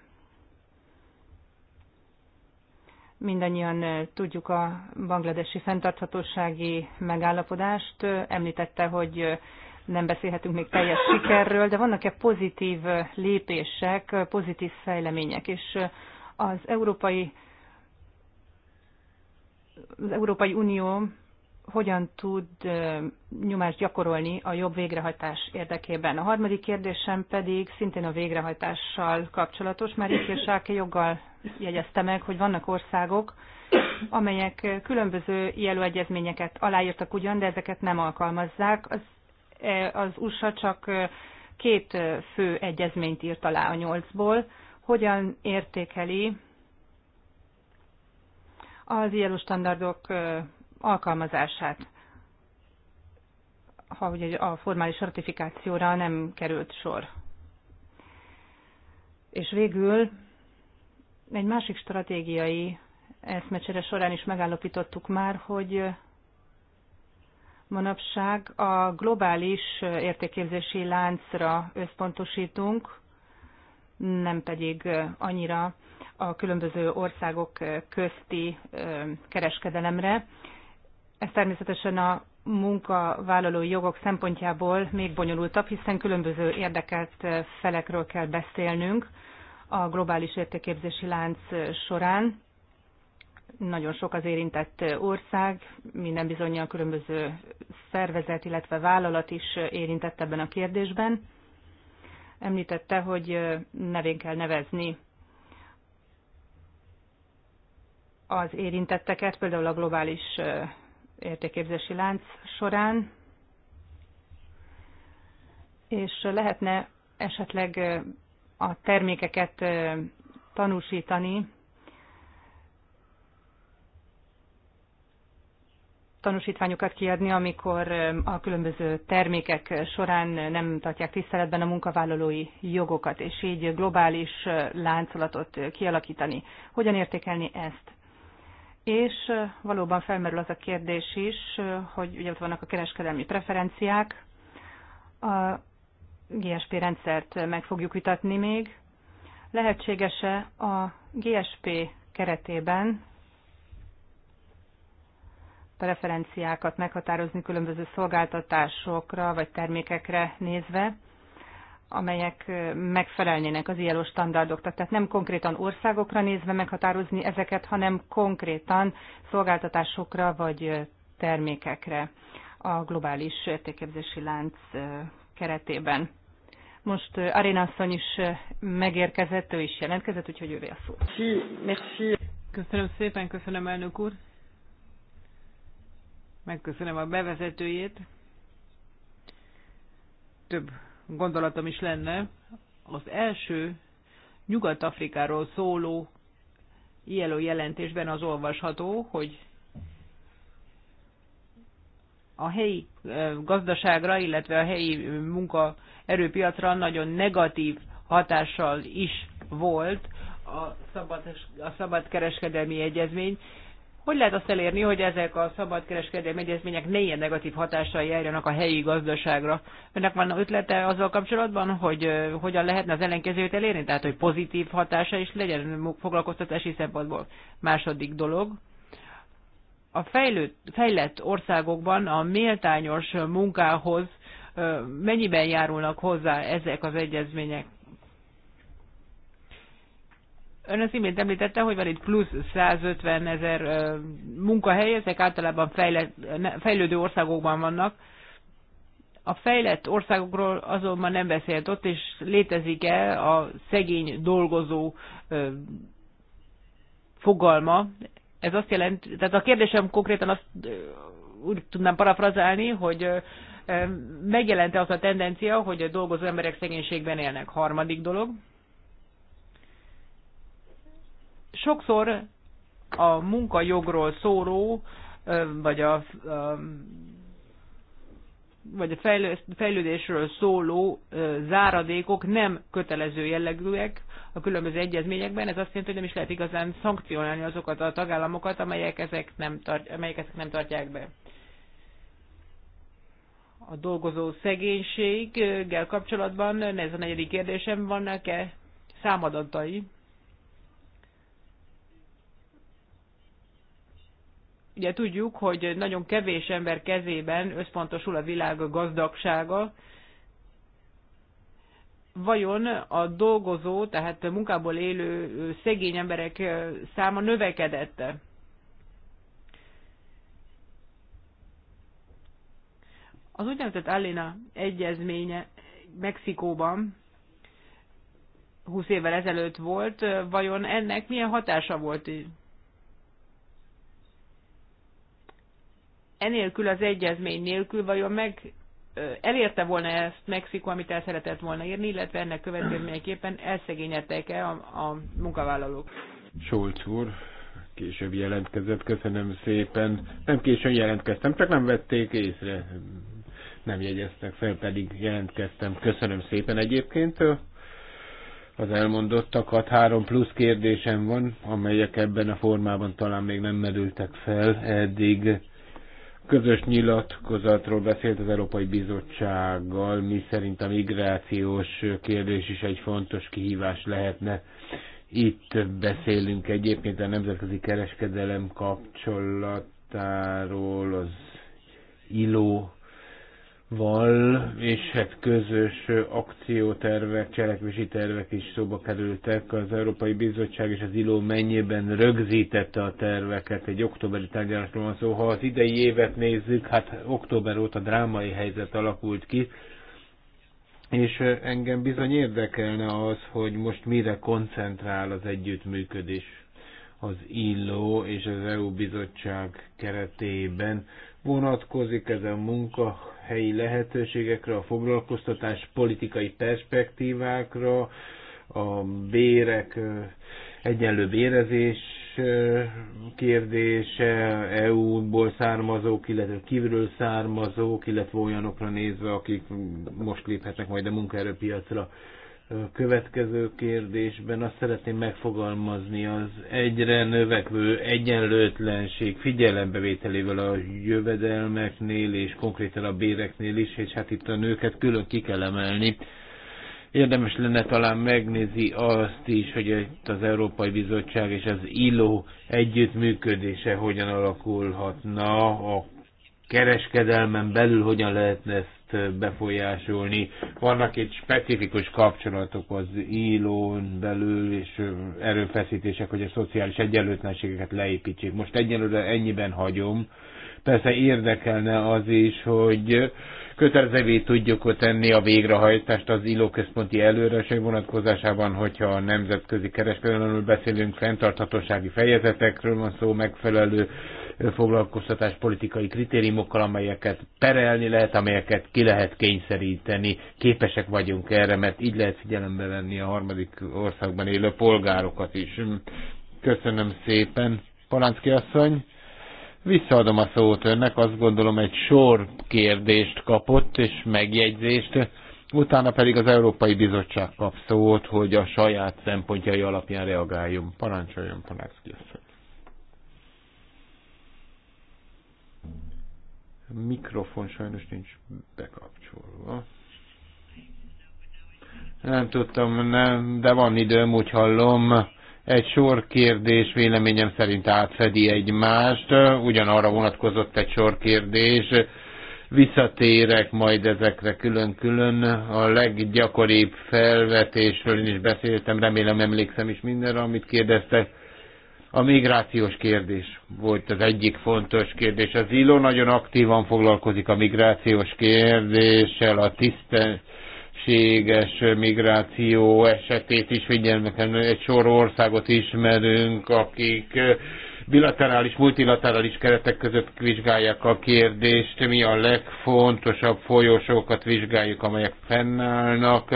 Mindannyian eh, tudjuk a bangladesi fenntarthatósági megállapodást. Eh, említette, hogy eh, nem beszélhetünk még teljes sikerről, de vannak-e pozitív lépések, pozitív fejlemények? És az Európai, az Európai Unió hogyan tud nyomást gyakorolni a jobb végrehajtás érdekében. A harmadik kérdésem pedig szintén a végrehajtással kapcsolatos. Már itt joggal jegyezte meg, hogy vannak országok, amelyek különböző jelöegyezményeket aláírtak ugyan, de ezeket nem alkalmazzák. Az, e, az USA csak két fő egyezményt írt alá a nyolcból. Hogyan értékeli az ilyen standardok alkalmazását, ha ugye a formális ratifikációra nem került sor. És végül egy másik stratégiai eszmecsere során is megállapítottuk már, hogy manapság a globális értékképzési láncra összpontosítunk, nem pedig annyira a különböző országok közti kereskedelemre. Ez természetesen a munkavállaló jogok szempontjából még bonyolultabb, hiszen különböző érdekelt felekről kell beszélnünk a globális értéképzési lánc során. Nagyon sok az érintett ország, minden a különböző szervezet, illetve vállalat is érintett ebben a kérdésben. Említette, hogy nevén kell nevezni az érintetteket, például a globális értékképzési lánc során, és lehetne esetleg a termékeket tanúsítani, tanúsítványokat kiadni, amikor a különböző termékek során nem tartják tiszteletben a munkavállalói jogokat, és így globális láncolatot kialakítani. Hogyan értékelni ezt? És valóban felmerül az a kérdés is, hogy ugye ott vannak a kereskedelmi preferenciák, a GSP rendszert meg fogjuk vitatni még. Lehetséges-e a GSP keretében preferenciákat meghatározni különböző szolgáltatásokra vagy termékekre nézve, amelyek megfelelnének az ilyen standardoknak. Tehát nem konkrétan országokra nézve meghatározni ezeket, hanem konkrétan szolgáltatásokra vagy termékekre a globális értékképzési lánc keretében. Most Arena asszony is megérkezett, ő is jelentkezett, úgyhogy ővé a szó. Köszönöm szépen, köszönöm elnök úr. Megköszönöm a bevezetőjét. Több gondolatom is lenne. Az első Nyugat-Afrikáról szóló ILO jelentésben az olvasható, hogy a helyi gazdaságra, illetve a helyi munkaerőpiacra nagyon negatív hatással is volt a szabadkereskedelmi szabad egyezmény. Hogy lehet azt elérni, hogy ezek a szabadkereskedelmi egyezmények ne ilyen negatív hatásai járjanak a helyi gazdaságra? Önnek van ötlete azzal kapcsolatban, hogy hogyan lehetne az ellenkezőt elérni? Tehát, hogy pozitív hatása is legyen foglalkoztatási szempontból. Második dolog, a fejlőtt fejlett országokban a méltányos munkához mennyiben járulnak hozzá ezek az egyezmények? Ön az imént említette, hogy van itt plusz 150 ezer munkahely, ezek általában fejlett, fejlődő országokban vannak. A fejlett országokról azonban nem beszélt ott, és létezik-e a szegény dolgozó fogalma. Ez azt jelenti, tehát a kérdésem konkrétan azt úgy tudnám parafrazálni, hogy megjelente az a tendencia, hogy a dolgozó emberek szegénységben élnek. Harmadik dolog, Sokszor a munkajogról szóló, vagy a, vagy a fejlődésről szóló záradékok nem kötelező jellegűek a különböző egyezményekben. Ez azt jelenti, hogy nem is lehet igazán szankcionálni azokat a tagállamokat, amelyek, ezek nem, tart, amelyek ezek nem tartják be. A dolgozó szegénységgel kapcsolatban ez a negyedik kérdésem, vannak-e számadatai ugye tudjuk, hogy nagyon kevés ember kezében összpontosul a világ gazdagsága. Vajon a dolgozó, tehát munkából élő szegény emberek száma növekedett? Az úgynevezett Alina egyezménye Mexikóban 20 évvel ezelőtt volt, vajon ennek milyen hatása volt enélkül az egyezmény nélkül vajon meg elérte volna ezt Mexikó, amit el szeretett volna írni, illetve ennek következményeképpen elszegényedtek-e a, a munkavállalók? Solc úr, később jelentkezett, köszönöm szépen. Nem későn jelentkeztem, csak nem vették észre. Nem jegyeztek fel, pedig jelentkeztem. Köszönöm szépen egyébként az elmondottakat. Három plusz kérdésem van, amelyek ebben a formában talán még nem merültek fel eddig közös nyilatkozatról beszélt az Európai Bizottsággal, mi szerint a migrációs kérdés is egy fontos kihívás lehetne. Itt beszélünk egyébként a nemzetközi kereskedelem kapcsolatáról, az ILO val és hát közös akciótervek, cselekvési tervek is szóba kerültek. Az Európai Bizottság és az ILO mennyiben rögzítette a terveket. Egy októberi tárgyalásról van szó. Ha az idei évet nézzük, hát október óta drámai helyzet alakult ki, és engem bizony érdekelne az, hogy most mire koncentrál az együttműködés az ILO és az EU bizottság keretében. Vonatkozik ez a munka helyi lehetőségekre, a foglalkoztatás politikai perspektívákra, a bérek, egyenlő bérezés kérdése, EU-ból származók, illetve kívülről származók, illetve olyanokra nézve, akik most léphetnek majd a munkaerőpiacra következő kérdésben azt szeretném megfogalmazni az egyre növekvő egyenlőtlenség figyelembevételével a jövedelmeknél és konkrétan a béreknél is, és hát itt a nőket külön ki kell emelni. Érdemes lenne talán megnézni azt is, hogy itt az Európai Bizottság és az ILO együttműködése hogyan alakulhatna, a kereskedelmen belül hogyan lehetne ezt befolyásolni. Vannak egy specifikus kapcsolatok az ílón belül, és erőfeszítések, hogy a szociális egyenlőtlenségeket leépítsék. Most egyelőre ennyiben hagyom. Persze érdekelne az is, hogy kötelezővé tudjuk tenni a végrehajtást az ILO központi előröség vonatkozásában, hogyha a nemzetközi kereskedelemről beszélünk, fenntarthatósági fejezetekről van szó megfelelő foglalkoztatás politikai kritériumokkal, amelyeket perelni lehet, amelyeket ki lehet kényszeríteni. Képesek vagyunk erre, mert így lehet figyelembe venni a harmadik országban élő polgárokat is. Köszönöm szépen, Palanszki asszony. Visszaadom a szót önnek, azt gondolom egy sor kérdést kapott és megjegyzést, utána pedig az Európai Bizottság kap szót, hogy a saját szempontjai alapján reagáljon. Parancsoljon, Palászki asszony. mikrofon sajnos nincs bekapcsolva. Nem tudtam, nem, de van időm, úgy hallom. Egy sor kérdés véleményem szerint átfedi egymást, ugyanarra vonatkozott egy sor kérdés. Visszatérek majd ezekre külön-külön. A leggyakoribb felvetésről én is beszéltem, remélem emlékszem is mindenre, amit kérdeztek a migrációs kérdés volt az egyik fontos kérdés. Az ILO nagyon aktívan foglalkozik a migrációs kérdéssel, a tisztességes migráció esetét is figyelmek, egy sor országot ismerünk, akik bilaterális, multilaterális keretek között vizsgálják a kérdést, mi a legfontosabb folyosókat vizsgáljuk, amelyek fennállnak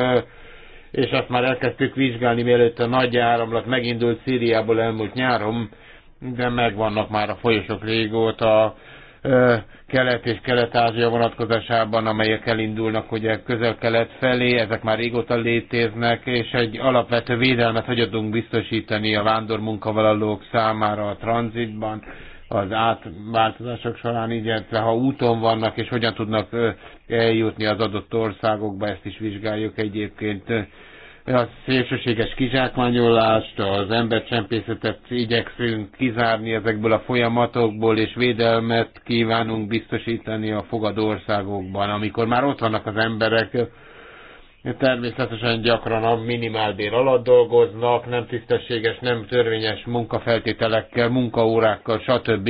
és azt már elkezdtük vizsgálni, mielőtt a nagy áramlat megindult Szíriából elmúlt nyáron, de megvannak már a folyosok régóta kelet és kelet-ázsia vonatkozásában, amelyek elindulnak ugye közel-kelet felé, ezek már régóta léteznek, és egy alapvető védelmet hogy tudunk biztosítani a vándormunkavállalók számára a tranzitban, az átváltozások során, illetve ha úton vannak, és hogyan tudnak eljutni az adott országokba, ezt is vizsgáljuk egyébként a szélsőséges kizsákmányolást, az embercsempészetet igyekszünk kizárni ezekből a folyamatokból, és védelmet kívánunk biztosítani a fogadó országokban, amikor már ott vannak az emberek, természetesen gyakran a minimálbér alatt dolgoznak, nem tisztességes, nem törvényes munkafeltételekkel, munkaórákkal, stb.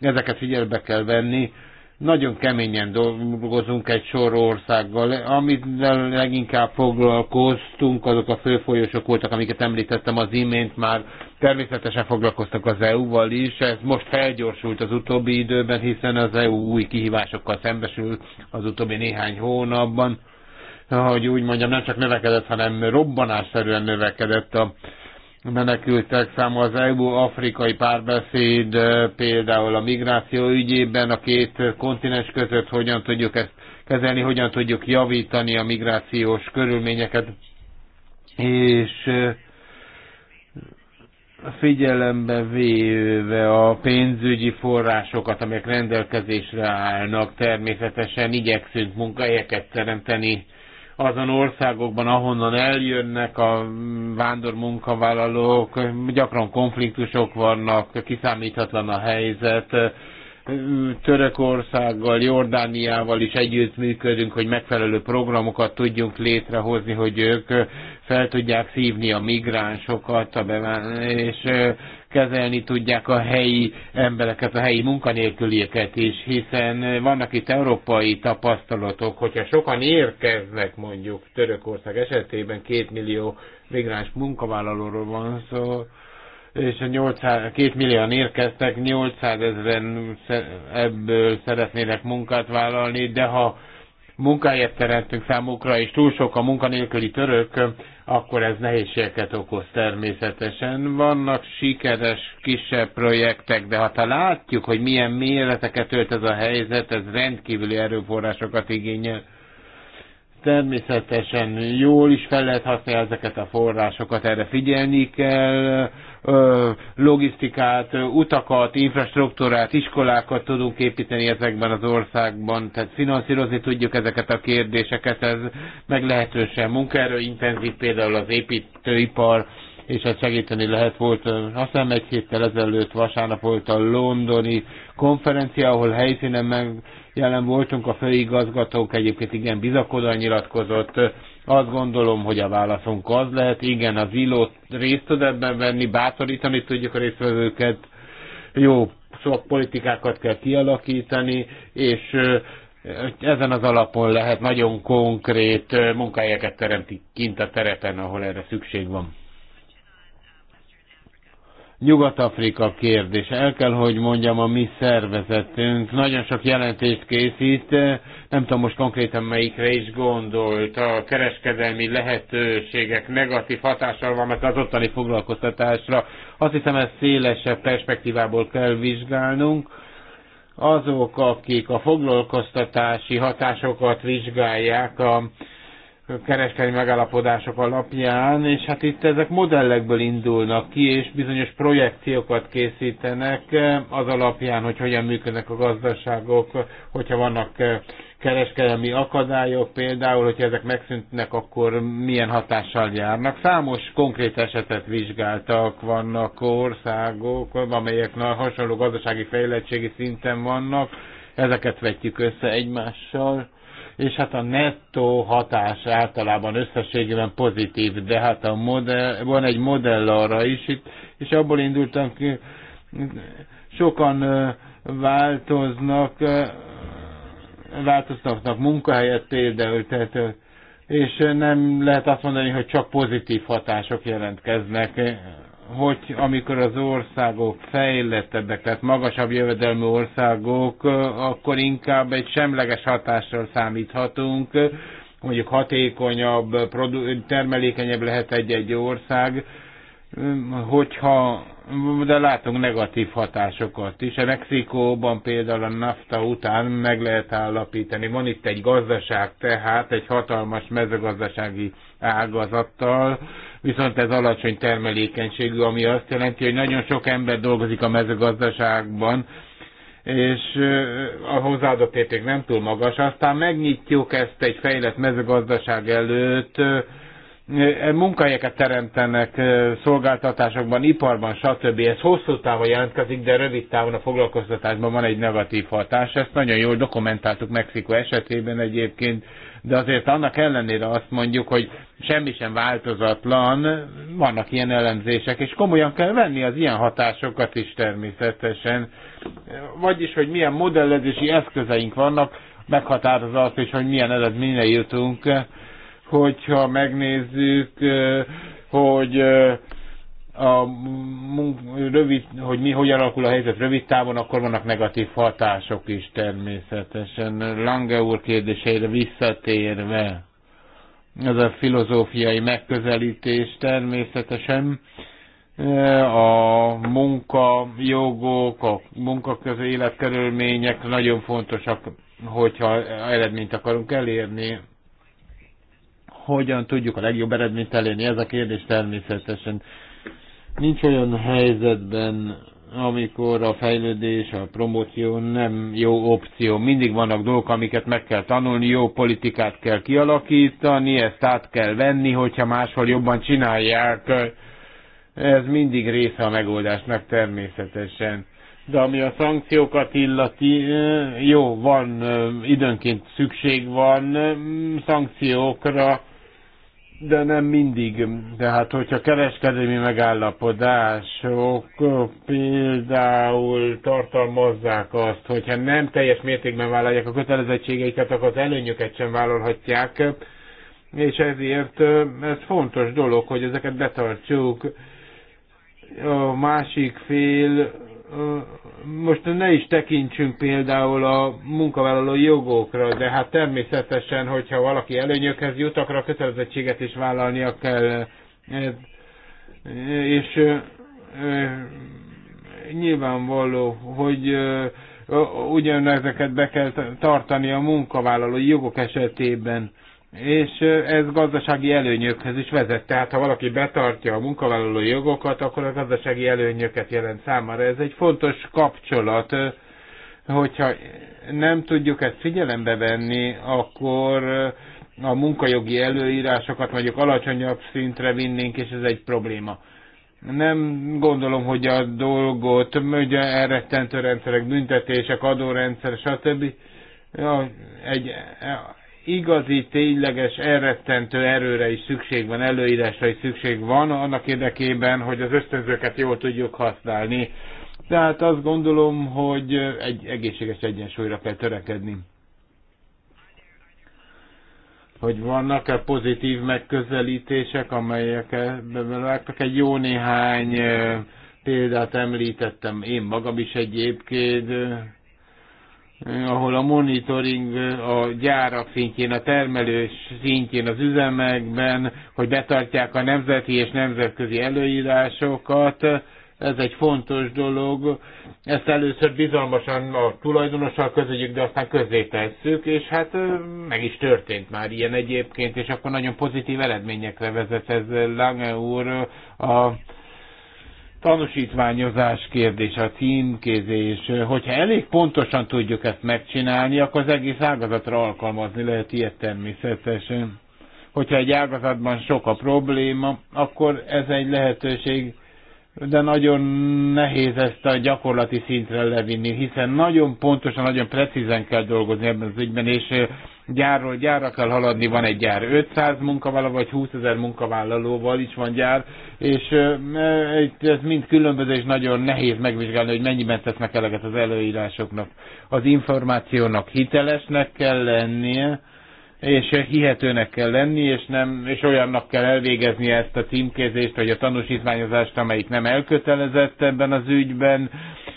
Ezeket figyelbe kell venni, nagyon keményen dolgozunk egy sor országgal, amit leginkább foglalkoztunk, azok a főfolyosok voltak, amiket említettem az imént már, természetesen foglalkoztak az EU-val is, ez most felgyorsult az utóbbi időben, hiszen az EU új kihívásokkal szembesül az utóbbi néhány hónapban, hogy úgy mondjam, nem csak növekedett, hanem robbanásszerűen növekedett a menekültek száma az EU-afrikai párbeszéd, eh, például a migráció ügyében a két kontinens között hogyan tudjuk ezt kezelni, hogyan tudjuk javítani a migrációs körülményeket, és eh, figyelembe véve a pénzügyi forrásokat, amelyek rendelkezésre állnak, természetesen igyekszünk munkahelyeket teremteni, azon országokban, ahonnan eljönnek a vándor munkavállalók, gyakran konfliktusok vannak, kiszámíthatlan a helyzet. Törökországgal, Jordániával is együttműködünk, hogy megfelelő programokat tudjunk létrehozni, hogy ők fel tudják szívni a migránsokat, és kezelni tudják a helyi embereket, a helyi munkanélkülieket is, hiszen vannak itt európai tapasztalatok, hogyha sokan érkeznek mondjuk Törökország esetében, két millió migráns munkavállalóról van szó, és a 800, 2 millióan érkeztek, 800 ezeren ebből szeretnének munkát vállalni, de ha munkáért teremtünk számukra, és túl sok a munkanélküli török, akkor ez nehézségeket okoz természetesen. Vannak sikeres kisebb projektek, de ha látjuk, hogy milyen méreteket ölt ez a helyzet, ez rendkívüli erőforrásokat igényel. Természetesen jól is fel lehet használni ezeket a forrásokat, erre figyelni kell, logisztikát, utakat, infrastruktúrát, iskolákat tudunk építeni ezekben az országban, tehát finanszírozni tudjuk ezeket a kérdéseket, ez meglehetősen munkaerőintenzív, például az építőipar, és ezt segíteni lehet volt. Azt hiszem egy héttel ezelőtt vasárnap volt a londoni konferencia, ahol helyszínen meg jelen voltunk, a főigazgatók egyébként igen bizakodóan nyilatkozott, azt gondolom, hogy a válaszunk az lehet, igen, az illót részt tud ebben venni, bátorítani tudjuk a résztvevőket, jó politikákat kell kialakítani, és ezen az alapon lehet nagyon konkrét munkahelyeket teremti kint a terepen, ahol erre szükség van. Nyugat-Afrika kérdése. El kell, hogy mondjam, a mi szervezetünk nagyon sok jelentést készít, nem tudom most konkrétan melyikre is gondolt, a kereskedelmi lehetőségek negatív hatással mert az ottani foglalkoztatásra. Azt hiszem, ezt szélesebb perspektívából kell vizsgálnunk. Azok, akik a foglalkoztatási hatásokat vizsgálják, a kereskedelmi megállapodások alapján, és hát itt ezek modellekből indulnak ki, és bizonyos projekciókat készítenek eh, az alapján, hogy hogyan működnek a gazdaságok, hogyha vannak eh, kereskedelmi akadályok, például, hogyha ezek megszűntnek, akkor milyen hatással járnak. Számos konkrét esetet vizsgáltak, vannak országok, amelyek hasonló gazdasági fejlettségi szinten vannak, ezeket vetjük össze egymással és hát a nettó hatás általában összességében pozitív, de hát a modell, van egy modell arra is itt, és abból indultam ki, sokan változnak, változtatnak munkahelyet például, tehát és nem lehet azt mondani, hogy csak pozitív hatások jelentkeznek hogy amikor az országok fejlettebbek, tehát magasabb jövedelmű országok, akkor inkább egy semleges hatással számíthatunk, mondjuk hatékonyabb, termelékenyebb lehet egy-egy ország, hogyha de látunk negatív hatásokat is. A Mexikóban például a NAFTA után meg lehet állapítani. Van itt egy gazdaság tehát, egy hatalmas mezőgazdasági ágazattal, viszont ez alacsony termelékenységű, ami azt jelenti, hogy nagyon sok ember dolgozik a mezőgazdaságban, és eh, a hozzáadott érték nem túl magas. Aztán megnyitjuk ezt egy fejlett mezőgazdaság előtt, eh, E, munkahelyeket teremtenek e, szolgáltatásokban, iparban, stb. Ez hosszú távon jelentkezik, de rövid távon a foglalkoztatásban van egy negatív hatás. Ezt nagyon jól dokumentáltuk Mexikó esetében egyébként, de azért annak ellenére azt mondjuk, hogy semmi sem változatlan, vannak ilyen elemzések, és komolyan kell venni az ilyen hatásokat is természetesen. Vagyis, hogy milyen modellezési eszközeink vannak, meghatározza azt is, hogy milyen eredményre jutunk hogyha megnézzük, hogy a rövid, hogy mi hogyan alakul a helyzet rövid távon, akkor vannak negatív hatások is természetesen. Lange úr kérdéseire visszatérve, ez a filozófiai megközelítés természetesen a munkajogok, a munkaközi életkörülmények nagyon fontosak, hogyha eredményt akarunk elérni hogyan tudjuk a legjobb eredményt elérni, ez a kérdés természetesen. Nincs olyan helyzetben, amikor a fejlődés, a promóció nem jó opció. Mindig vannak dolgok, amiket meg kell tanulni, jó politikát kell kialakítani, ezt át kell venni, hogyha máshol jobban csinálják. Ez mindig része a megoldásnak természetesen. De ami a szankciókat illeti, jó, van, időnként szükség van szankciókra, de nem mindig. Tehát, hogyha kereskedelmi megállapodások például tartalmazzák azt, hogyha nem teljes mértékben vállalják a kötelezettségeiket, akkor az előnyöket sem vállalhatják, és ezért ez fontos dolog, hogy ezeket betartsuk. A másik fél most ne is tekintsünk például a munkavállalói jogokra, de hát természetesen, hogyha valaki előnyökhez jut, akkor a kötelezettséget is vállalnia kell. És nyilvánvaló, hogy ugyanezeket be kell tartani a munkavállalói jogok esetében és ez gazdasági előnyökhez is vezet. Tehát ha valaki betartja a munkavállalói jogokat, akkor a gazdasági előnyöket jelent számára. Ez egy fontos kapcsolat, hogyha nem tudjuk ezt figyelembe venni, akkor a munkajogi előírásokat mondjuk alacsonyabb szintre vinnénk, és ez egy probléma. Nem gondolom, hogy a dolgot, ugye elrettentő rendszerek, büntetések, adórendszer, stb. Ja, egy igazi, tényleges, elrettentő erőre is szükség van, előírásra is szükség van, annak érdekében, hogy az ösztönzőket jól tudjuk használni. Tehát azt gondolom, hogy egy egészséges egyensúlyra kell törekedni. Hogy vannak-e pozitív megközelítések, amelyek beváltak egy jó néhány eh, példát említettem én magam is egyébként, eh, ahol a monitoring a gyárak szintjén, a termelő szintjén, az üzemekben, hogy betartják a nemzeti és nemzetközi előírásokat, ez egy fontos dolog. Ezt először bizalmasan a tulajdonossal közöljük, de aztán közé tesszük, és hát meg is történt már ilyen egyébként, és akkor nagyon pozitív eredményekre vezet ez Lange úr a tanúsítványozás kérdés a címkézés, hogyha elég pontosan tudjuk ezt megcsinálni, akkor az egész ágazatra alkalmazni lehet ilyet természetesen. Hogyha egy ágazatban sok a probléma, akkor ez egy lehetőség, de nagyon nehéz ezt a gyakorlati szintre levinni, hiszen nagyon pontosan, nagyon precízen kell dolgozni ebben az ügyben, és gyárról gyárra kell haladni, van egy gyár 500 munkavállaló, vagy 20 ezer munkavállalóval is van gyár, és ez mind különböző, és nagyon nehéz megvizsgálni, hogy mennyiben tesznek eleget az előírásoknak. Az információnak hitelesnek kell lennie, és hihetőnek kell lenni, és, nem, és olyannak kell elvégezni ezt a címkézést, vagy a tanúsítványozást, amelyik nem elkötelezett ebben az ügyben,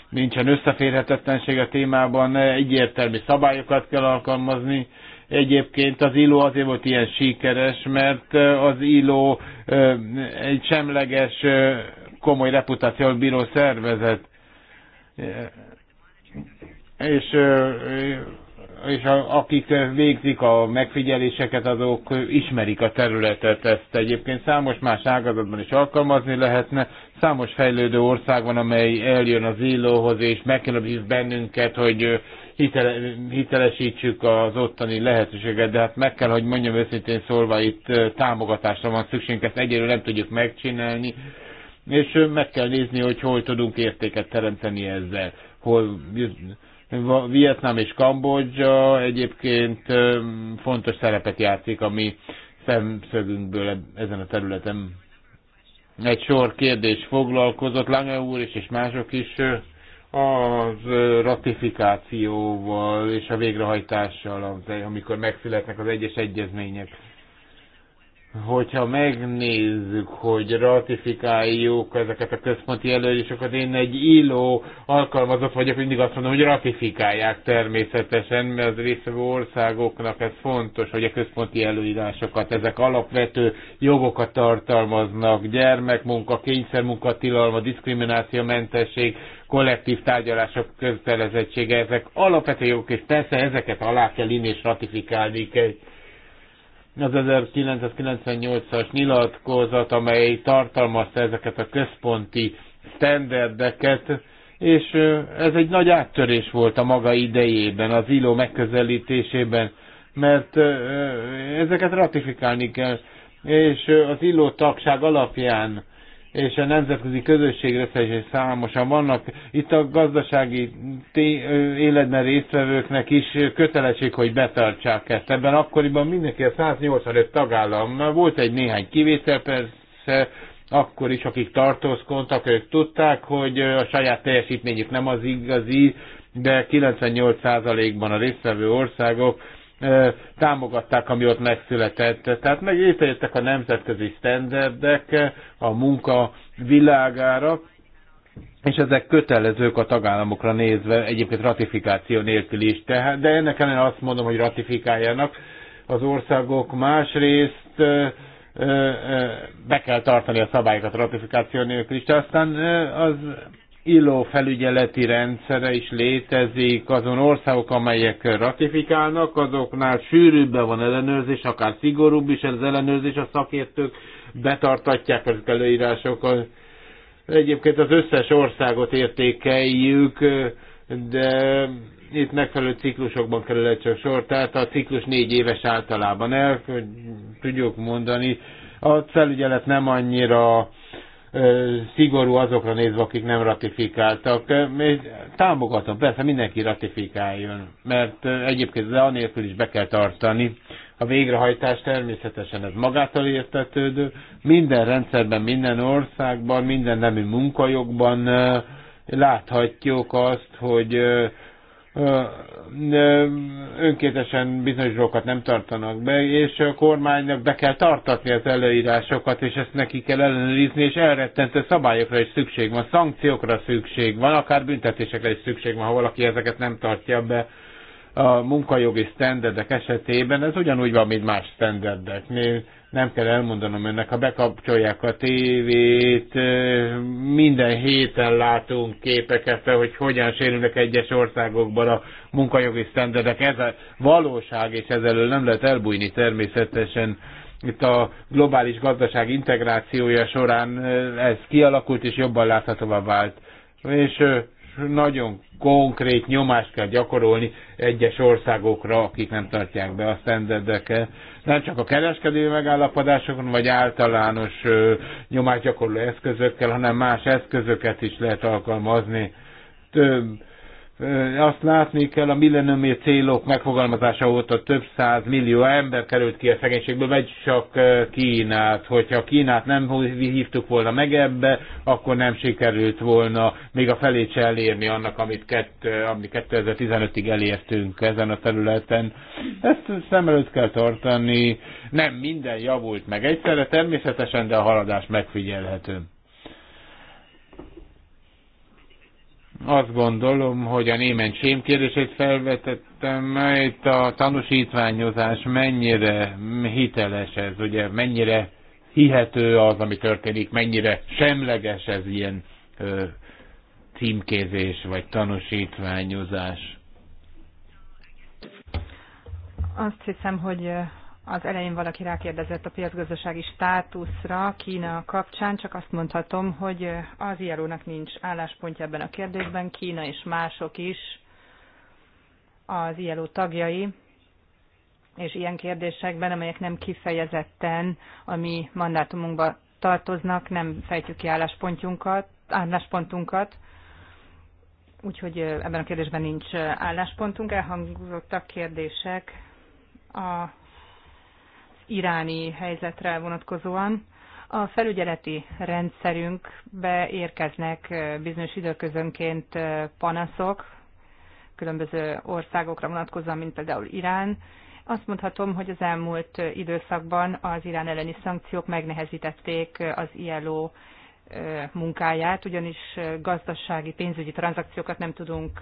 nincsen összeférhetetlenség a témában, egyértelmű szabályokat kell alkalmazni, Egyébként az ILO azért volt ilyen sikeres, mert az ILO egy semleges, komoly reputációt bíró szervezet. És és a, akik végzik a megfigyeléseket, azok ismerik a területet, ezt egyébként számos más ágazatban is alkalmazni lehetne. Számos fejlődő ország van, amely eljön az illóhoz, és megkülönbözít bennünket, hogy hitele, hitelesítsük az ottani lehetőséget, de hát meg kell, hogy mondjam őszintén szólva, itt támogatásra van szükségünk, ezt egyelőre nem tudjuk megcsinálni, és meg kell nézni, hogy hol tudunk értéket teremteni ezzel, hol Vietnám és Kambodzsa egyébként fontos szerepet játszik a mi szemszögünkből ezen a területen. Egy sor kérdés foglalkozott Lange úr is, és mások is az ratifikációval és a végrehajtással, amikor megszületnek az egyes egyezmények hogyha megnézzük, hogy ratifikáljuk ezeket a központi előírásokat, én egy illó alkalmazott vagyok, mindig azt mondom, hogy ratifikálják természetesen, mert az részvevő országoknak ez fontos, hogy a központi előírásokat, ezek alapvető jogokat tartalmaznak, gyermekmunka, kényszermunka, tilalma, diszkrimináció, mentesség, kollektív tárgyalások kötelezettsége, ezek alapvető jogok, és persze ezeket alá kell inni és ratifikálni kell az 1998-as nyilatkozat, amely tartalmazta ezeket a központi standardeket, és ez egy nagy áttörés volt a maga idejében, az ILO megközelítésében, mert ezeket ratifikálni kell, és az ILO tagság alapján és a nemzetközi közösségre is számosan vannak. Itt a gazdasági életben résztvevőknek is kötelesség, hogy betartsák ezt. Ebben akkoriban mindenki a 185 tagállam, volt egy néhány kivétel persze, akkor is, akik tartózkodtak, ők tudták, hogy a saját teljesítményük nem az igazi, de 98%-ban a résztvevő országok támogatták, ami ott megszületett. Tehát meg a nemzetközi standardek a munka világára, és ezek kötelezők a tagállamokra nézve, egyébként ratifikáció nélkül is. Tehát, de ennek ellenére azt mondom, hogy ratifikáljanak az országok. Másrészt be kell tartani a szabályokat a ratifikáció nélkül is. De aztán az ILO felügyeleti rendszere is létezik, azon országok, amelyek ratifikálnak, azoknál sűrűbben van ellenőrzés, akár szigorúbb is az ellenőrzés, a szakértők betartatják az előírásokat. Egyébként az összes országot értékeljük, de itt megfelelő ciklusokban kerül csak sor, tehát a ciklus négy éves általában el, tudjuk mondani. A felügyelet nem annyira szigorú azokra nézve, akik nem ratifikáltak. Támogatom, persze mindenki ratifikáljon, mert egyébként de anélkül is be kell tartani. A végrehajtás természetesen ez magától értetődő. Minden rendszerben, minden országban, minden nemű munkajogban láthatjuk azt, hogy önkéntesen bizonyos dolgokat nem tartanak be, és a kormánynak be kell tartatni az előírásokat, és ezt neki kell ellenőrizni, és elrettentő szabályokra is szükség van, szankciókra szükség van, akár büntetésekre is szükség van, ha valaki ezeket nem tartja be a munkajogi sztenderdek esetében. Ez ugyanúgy van, mint más sztenderdeknél nem kell elmondanom önnek, ha bekapcsolják a tévét, minden héten látunk képeket, hogy hogyan sérülnek egyes országokban a munkajogi sztenderdek. Ez a valóság, és ezzel nem lehet elbújni természetesen. Itt a globális gazdaság integrációja során ez kialakult, és jobban láthatóvá vált. És nagyon konkrét nyomást kell gyakorolni egyes országokra, akik nem tartják be a standardeket. Nem csak a kereskedő megállapodásokon, vagy általános nyomást gyakorló eszközökkel, hanem más eszközöket is lehet alkalmazni. Több azt látni kell, a millenniumi célok megfogalmazása óta több száz millió ember került ki a szegénységből, vagy csak Kínát. Hogyha Kínát nem hívtuk volna meg ebbe, akkor nem sikerült volna még a felét se elérni annak, amit kett, ami 2015-ig elértünk ezen a területen. Ezt szem előtt kell tartani. Nem minden javult meg egyszerre, természetesen, de a haladás megfigyelhető. azt gondolom, hogy a némen sém kérdését felvetettem, itt a tanúsítványozás mennyire hiteles ez, ugye mennyire hihető az, ami történik, mennyire semleges ez ilyen ö, címkézés vagy tanúsítványozás. Azt hiszem, hogy az elején valaki rákérdezett a piacgazdasági státuszra Kína kapcsán, csak azt mondhatom, hogy eh, az ilo nincs álláspontja ebben a kérdésben. Kína és mások is az ILO tagjai, és ilyen kérdésekben, amelyek nem kifejezetten a mi mandátumunkba tartoznak, nem fejtjük ki álláspontunkat, álláspontunkat, úgyhogy eh, ebben a kérdésben nincs eh, álláspontunk. Elhangzottak kérdések a iráni helyzetre vonatkozóan. A felügyeleti rendszerünkbe érkeznek bizonyos időközönként panaszok különböző országokra vonatkozóan, mint például Irán. Azt mondhatom, hogy az elmúlt időszakban az Irán elleni szankciók megnehezítették az ILO munkáját, ugyanis gazdasági, pénzügyi tranzakciókat nem tudunk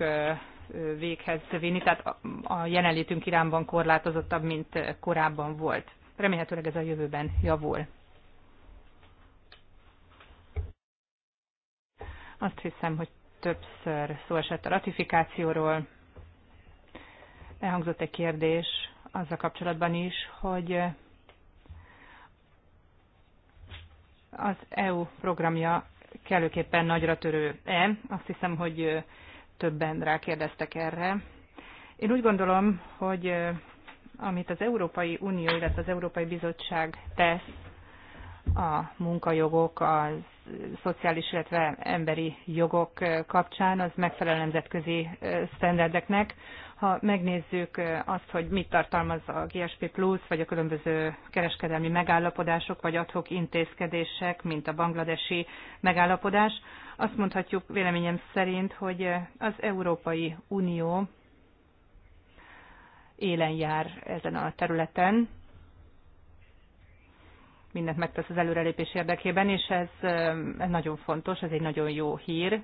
véghez vinni, tehát a jelenlétünk Iránban korlátozottabb, mint korábban volt. Remélhetőleg ez a jövőben javul. Azt hiszem, hogy többször szó esett a ratifikációról. Elhangzott egy kérdés azzal kapcsolatban is, hogy az EU programja kellőképpen nagyra törő-e? Azt hiszem, hogy többen rákérdeztek erre. Én úgy gondolom, hogy amit az Európai Unió, illetve az Európai Bizottság tesz a munkajogok, a szociális, illetve emberi jogok kapcsán, az megfelel nemzetközi sztenderdeknek. Ha megnézzük azt, hogy mit tartalmaz a GSP Plus, vagy a különböző kereskedelmi megállapodások, vagy adhok intézkedések, mint a bangladesi megállapodás, azt mondhatjuk véleményem szerint, hogy az Európai Unió élen jár ezen a területen. Mindent megtesz az előrelépés érdekében, és ez, ez nagyon fontos, ez egy nagyon jó hír,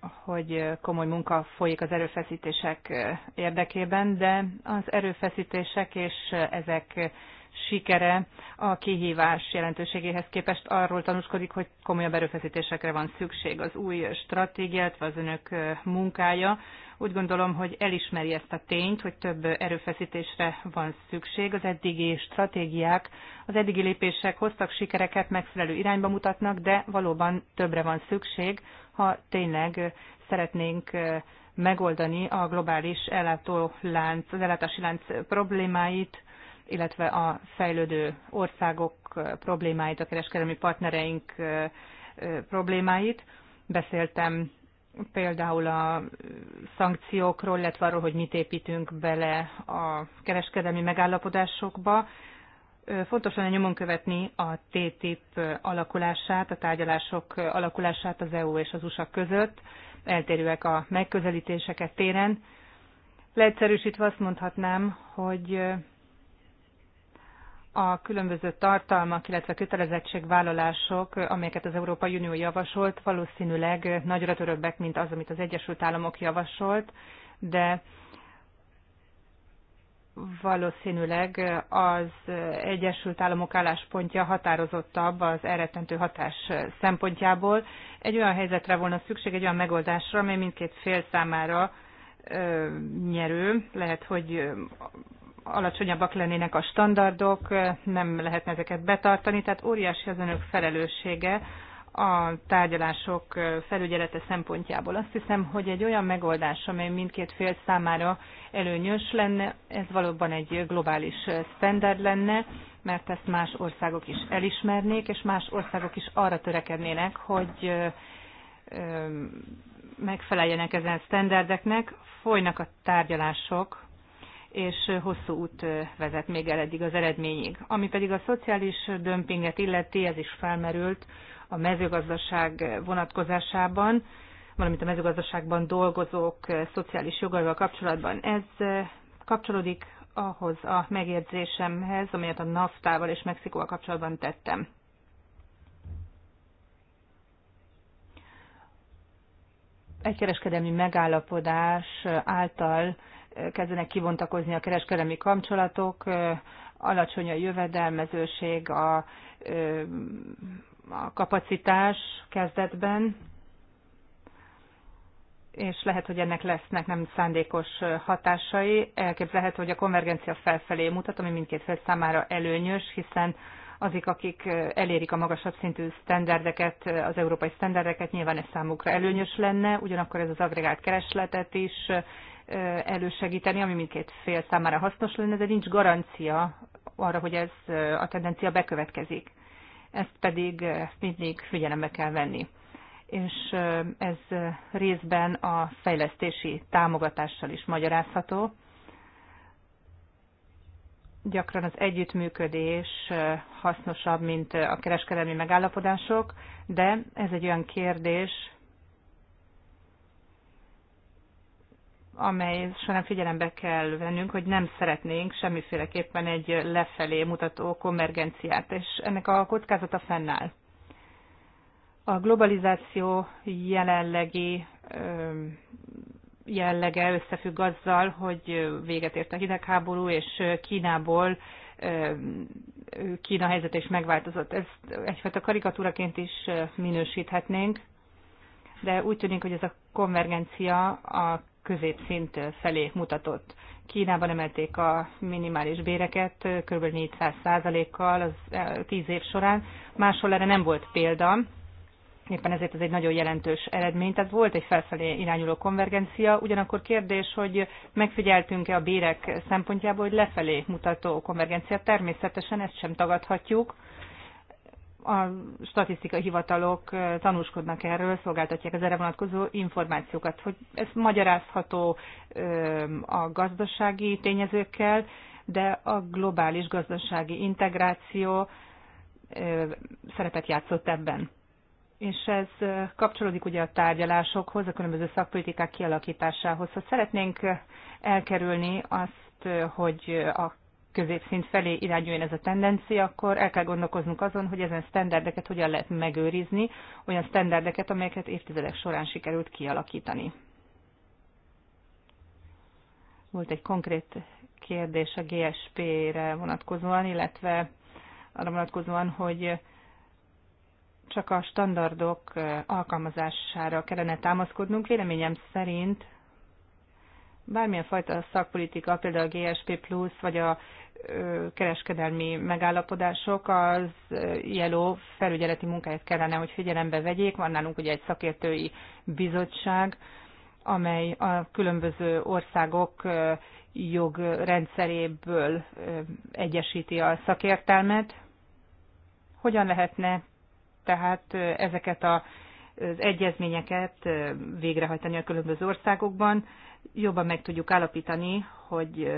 hogy komoly munka folyik az erőfeszítések érdekében, de az erőfeszítések és ezek sikere a kihívás jelentőségéhez képest arról tanúskodik, hogy komolyabb erőfeszítésekre van szükség az új stratégia, illetve az önök munkája. Úgy gondolom, hogy elismeri ezt a tényt, hogy több erőfeszítésre van szükség. Az eddigi stratégiák, az eddigi lépések hoztak sikereket, megfelelő irányba mutatnak, de valóban többre van szükség, ha tényleg szeretnénk megoldani a globális ellátólánc, az ellátási lánc problémáit, illetve a fejlődő országok problémáit, a kereskedelmi partnereink problémáit. Beszéltem például a szankciókról, illetve arról, hogy mit építünk bele a kereskedelmi megállapodásokba. Fontos lenne nyomon követni a TTIP alakulását, a tárgyalások alakulását az EU és az USA között. Eltérőek a megközelítéseket téren. Leegyszerűsítve azt mondhatnám, hogy a különböző tartalmak, illetve kötelezettségvállalások, amelyeket az Európai Unió javasolt, valószínűleg nagyra törőbbek, mint az, amit az Egyesült Államok javasolt, de valószínűleg az Egyesült Államok álláspontja határozottabb az elrettentő hatás szempontjából. Egy olyan helyzetre volna szükség, egy olyan megoldásra, amely mindkét fél számára nyerő. Lehet, hogy alacsonyabbak lennének a standardok, nem lehetne ezeket betartani, tehát óriási az önök felelőssége a tárgyalások felügyelete szempontjából. Azt hiszem, hogy egy olyan megoldás, amely mindkét fél számára előnyös lenne, ez valóban egy globális standard lenne, mert ezt más országok is elismernék, és más országok is arra törekednének, hogy megfeleljenek ezen standardeknek. Folynak a tárgyalások és hosszú út vezet még el eddig az eredményig. Ami pedig a szociális dömpinget illeti, ez is felmerült a mezőgazdaság vonatkozásában, valamint a mezőgazdaságban dolgozók szociális jogaival kapcsolatban. Ez kapcsolódik ahhoz a megérzésemhez, amelyet a NAFTA-val és Mexikóval kapcsolatban tettem. Egy kereskedelmi megállapodás által kezdenek kivontakozni a kereskedelmi kapcsolatok, alacsony a jövedelmezőség, a, a kapacitás kezdetben, és lehet, hogy ennek lesznek nem szándékos hatásai. Elképzelhető, hogy a konvergencia felfelé mutat, ami mindkét fél számára előnyös, hiszen azik, akik elérik a magasabb szintű sztenderdeket, az európai sztenderdeket, nyilván ez számukra előnyös lenne, ugyanakkor ez az agregált keresletet is elősegíteni, ami mindkét fél számára hasznos lenne, de nincs garancia arra, hogy ez a tendencia bekövetkezik. Ezt pedig mindig figyelembe kell venni. És ez részben a fejlesztési támogatással is magyarázható. Gyakran az együttműködés hasznosabb, mint a kereskedelmi megállapodások, de ez egy olyan kérdés, amely során figyelembe kell vennünk, hogy nem szeretnénk semmiféleképpen egy lefelé mutató konvergenciát, és ennek a kockázata fennáll. A globalizáció jelenlegi jellege összefügg azzal, hogy véget ért a hidegháború, és Kínából Kína helyzet is megváltozott. Ezt egyfajta karikatúraként is minősíthetnénk, de úgy tűnik, hogy ez a konvergencia a középszint felé mutatott. Kínában emelték a minimális béreket kb. 400%-kal az 10 e, év során, máshol erre nem volt példa, éppen ezért ez egy nagyon jelentős eredmény. Tehát volt egy felfelé irányuló konvergencia, ugyanakkor kérdés, hogy megfigyeltünk-e a bérek szempontjából, hogy lefelé mutató konvergencia. Természetesen ezt sem tagadhatjuk, a statisztikai hivatalok tanúskodnak erről, szolgáltatják az erre vonatkozó információkat, hogy ez magyarázható a gazdasági tényezőkkel, de a globális gazdasági integráció szerepet játszott ebben. És ez kapcsolódik ugye a tárgyalásokhoz, a különböző szakpolitikák kialakításához. Ha szeretnénk elkerülni azt, hogy a középszint felé irányuljon ez a tendencia, akkor el kell gondolkoznunk azon, hogy ezen sztenderdeket hogyan lehet megőrizni, olyan sztenderdeket, amelyeket évtizedek során sikerült kialakítani. Volt egy konkrét kérdés a GSP-re vonatkozóan, illetve arra vonatkozóan, hogy csak a standardok alkalmazására kellene támaszkodnunk. Véleményem szerint bármilyen fajta szakpolitika, például a GSP Plus, vagy a kereskedelmi megállapodások, az jeló felügyeleti munkáját kellene, hogy figyelembe vegyék. Van nálunk ugye egy szakértői bizottság, amely a különböző országok jogrendszeréből egyesíti a szakértelmet. Hogyan lehetne tehát ezeket a az egyezményeket végrehajtani a különböző országokban, jobban meg tudjuk állapítani, hogy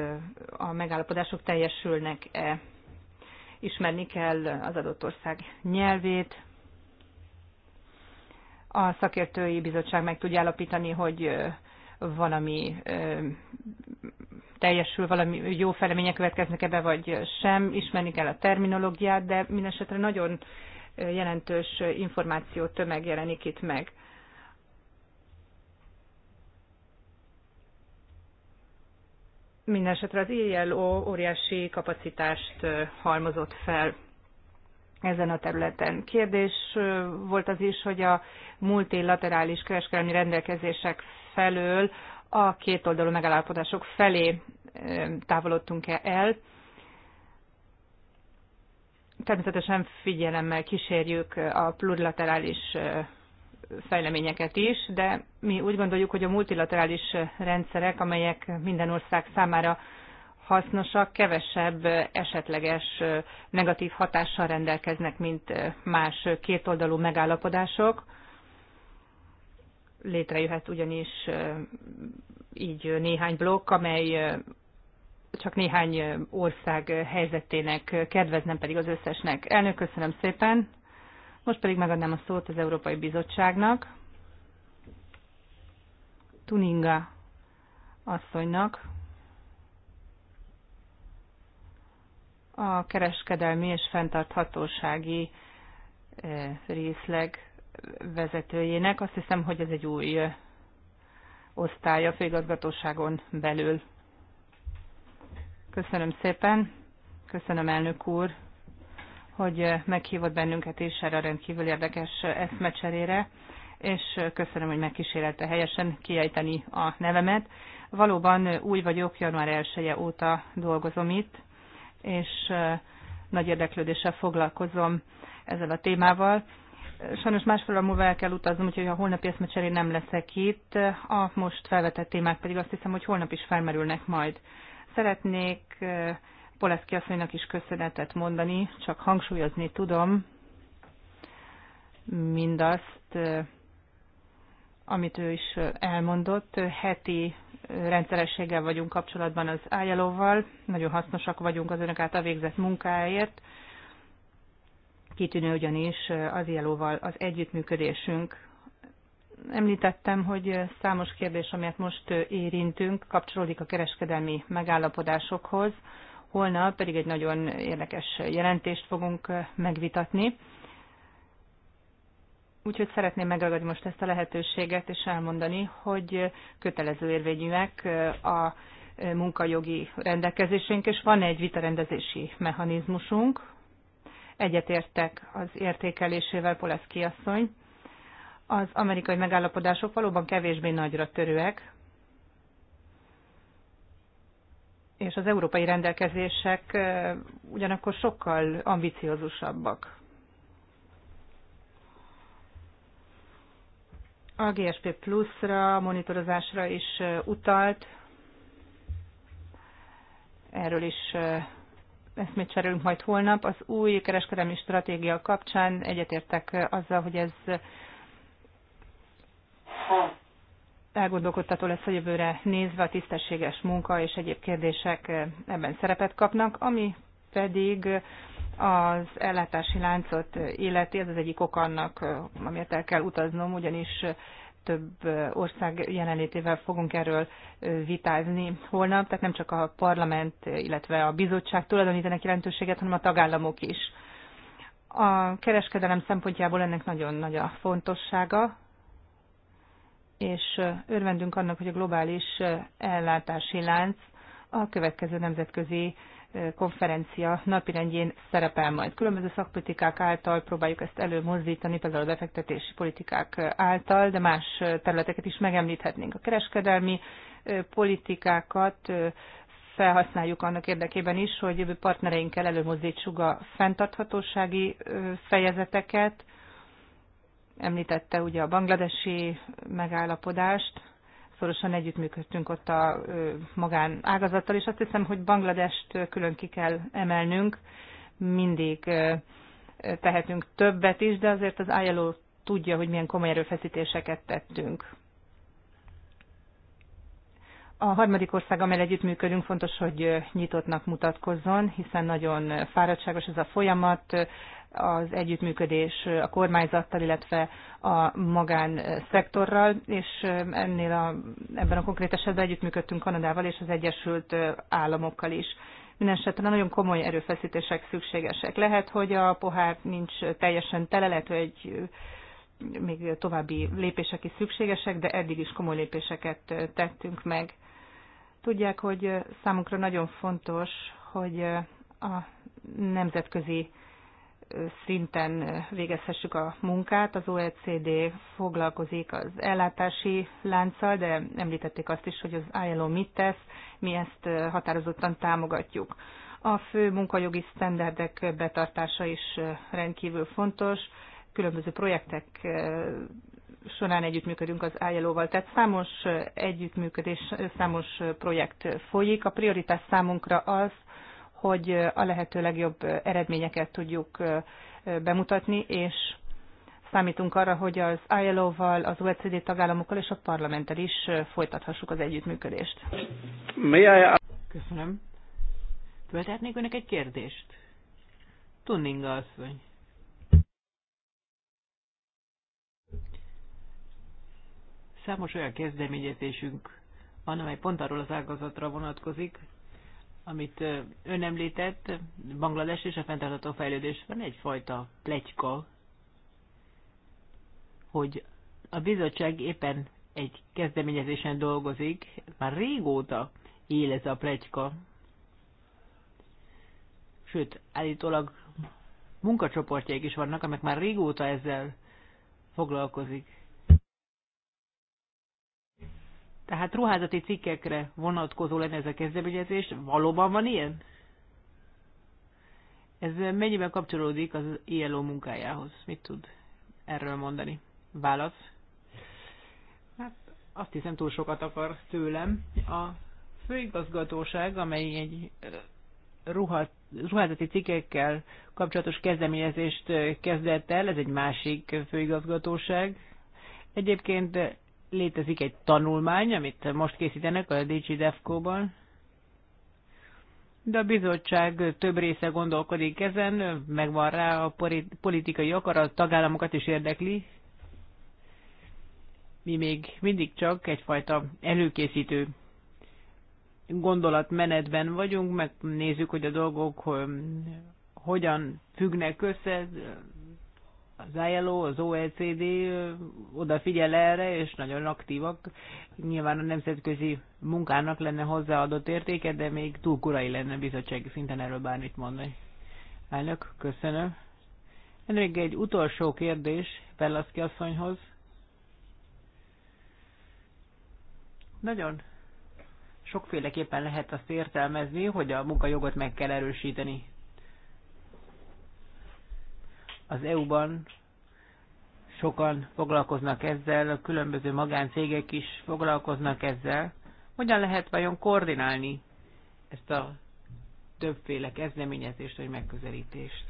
a megállapodások teljesülnek-e. Ismerni kell az adott ország nyelvét, a szakértői bizottság meg tudja állapítani, hogy valami teljesül, valami jó felemények következnek ebbe, vagy sem, ismerni kell a terminológiát, de mindesetre nagyon jelentős információ tömeg jelenik itt meg. Mindenesetre az ILO óriási kapacitást halmozott fel ezen a területen. Kérdés volt az is, hogy a multilaterális kereskedelmi rendelkezések felől a két oldalú megállapodások felé távolodtunk-e el természetesen figyelemmel kísérjük a plurilaterális fejleményeket is, de mi úgy gondoljuk, hogy a multilaterális rendszerek, amelyek minden ország számára hasznosak, kevesebb esetleges negatív hatással rendelkeznek, mint más kétoldalú megállapodások. Létrejöhet ugyanis így néhány blokk, amely csak néhány ország helyzetének kedvez, nem pedig az összesnek. Elnök, köszönöm szépen. Most pedig megadnám a szót az Európai Bizottságnak. Tuninga asszonynak. A kereskedelmi és fenntarthatósági részleg vezetőjének. Azt hiszem, hogy ez egy új osztály a főigazgatóságon belül. Köszönöm szépen, köszönöm elnök úr, hogy meghívott bennünket is erre a rendkívül érdekes eszmecserére, és köszönöm, hogy megkísérelte helyesen kiejteni a nevemet. Valóban új vagyok, január 1 -e óta dolgozom itt, és nagy érdeklődéssel foglalkozom ezzel a témával. Sajnos másfél múlva el kell utaznom, úgyhogy a holnapi eszmecseré nem leszek itt, a most felvetett témák pedig azt hiszem, hogy holnap is felmerülnek majd. Szeretnék Poleszki asszonynak is köszönetet mondani, csak hangsúlyozni tudom mindazt, amit ő is elmondott. Heti rendszerességgel vagyunk kapcsolatban az ájálóval, nagyon hasznosak vagyunk az önök által végzett munkáért. Kitűnő ugyanis az ájálóval az együttműködésünk. Említettem, hogy számos kérdés, amelyet most érintünk, kapcsolódik a kereskedelmi megállapodásokhoz. Holnap pedig egy nagyon érdekes jelentést fogunk megvitatni. Úgyhogy szeretném megragadni most ezt a lehetőséget, és elmondani, hogy kötelező érvényűek a munkajogi rendelkezésünk, és van egy vitarendezési mechanizmusunk. Egyetértek az értékelésével, Poleszki asszony. Az amerikai megállapodások valóban kevésbé nagyra törőek, és az európai rendelkezések ugyanakkor sokkal ambiciózusabbak. A GSP Plus-ra, monitorozásra is utalt, erről is eszmét cserélünk majd holnap. Az új kereskedelmi stratégia kapcsán egyetértek azzal, hogy ez elgondolkodtató lesz, a jövőre nézve a tisztességes munka és egyéb kérdések eh, ebben szerepet kapnak, ami pedig az ellátási láncot eh, illeti, ez az egyik ok annak, eh, amiért el kell utaznom, ugyanis több ország jelenlétével fogunk erről vitázni holnap, tehát nem csak a parlament, illetve a bizottság tulajdonítanak jelentőséget, hanem a tagállamok is. A kereskedelem szempontjából ennek nagyon nagy a fontossága, és örvendünk annak, hogy a globális ellátási lánc a következő nemzetközi konferencia napirendjén szerepel majd. Különböző szakpolitikák által próbáljuk ezt előmozdítani, például a befektetési politikák által, de más területeket is megemlíthetnénk. A kereskedelmi politikákat felhasználjuk annak érdekében is, hogy jövő partnereinkkel előmozdítsuk a fenntarthatósági fejezeteket, említette ugye a bangladesi megállapodást, szorosan együttműködtünk ott a magán ágazattal, és azt hiszem, hogy Bangladest külön ki kell emelnünk, mindig tehetünk többet is, de azért az ILO tudja, hogy milyen komoly erőfeszítéseket tettünk. A harmadik ország, amely együttműködünk, fontos, hogy nyitottnak mutatkozzon, hiszen nagyon fáradtságos ez a folyamat, az együttműködés a kormányzattal, illetve a magánszektorral, és ennél a, ebben a konkrét esetben együttműködtünk Kanadával és az Egyesült Államokkal is. Mindenesetre nagyon komoly erőfeszítések szükségesek. Lehet, hogy a pohár nincs teljesen tele, lehet, hogy még további lépések is szükségesek, de eddig is komoly lépéseket tettünk meg. Tudják, hogy számunkra nagyon fontos, hogy a nemzetközi szinten végezhessük a munkát. Az OECD foglalkozik az ellátási lánccal, de említették azt is, hogy az ILO mit tesz, mi ezt határozottan támogatjuk. A fő munkajogi sztenderdek betartása is rendkívül fontos. Különböző projektek során együttműködünk az ILO-val. Tehát számos együttműködés, számos projekt folyik. A prioritás számunkra az, hogy a lehető legjobb eredményeket tudjuk bemutatni, és számítunk arra, hogy az ILO-val, az OECD tagállamokkal és a parlamenttel is folytathassuk az együttműködést. Köszönöm. Föltehetnék önnek egy kérdést? Tunninga asszony. Számos olyan kezdeményezésünk van, amely pont arról az ágazatra vonatkozik, amit ön említett, Banglades és a fenntartható fejlődés van egyfajta plegyka, hogy a bizottság éppen egy kezdeményezésen dolgozik, már régóta él ez a plegyka. Sőt, állítólag munkacsoportjaik is vannak, amelyek már régóta ezzel foglalkozik. Tehát ruházati cikkekre vonatkozó lenne ez a kezdeményezés. Valóban van ilyen? Ez mennyiben kapcsolódik az ILO munkájához? Mit tud erről mondani? Válasz? Hát azt hiszem túl sokat akar tőlem. A főigazgatóság, amely egy ruha, ruházati cikkekkel kapcsolatos kezdeményezést kezdett el, ez egy másik főigazgatóság. Egyébként Létezik egy tanulmány, amit most készítenek a DG Defco-ban, de a bizottság több része gondolkodik ezen, megvan rá a politikai a tagállamokat is érdekli. Mi még mindig csak egyfajta előkészítő gondolatmenetben vagyunk, megnézzük, hogy a dolgok hogyan függnek össze, az ILO, az OECD odafigyel erre, és nagyon aktívak. Nyilván a nemzetközi munkának lenne hozzáadott értéke, de még túl korai lenne bizottsági szinten erről bármit mondani. Elnök, köszönöm. Enrég egy utolsó kérdés Pellaszki asszonyhoz. Nagyon sokféleképpen lehet azt értelmezni, hogy a munkajogot meg kell erősíteni. Az EU-ban sokan foglalkoznak ezzel, a különböző magáncégek is foglalkoznak ezzel. Hogyan lehet vajon koordinálni ezt a többféle kezdeményezést vagy megközelítést?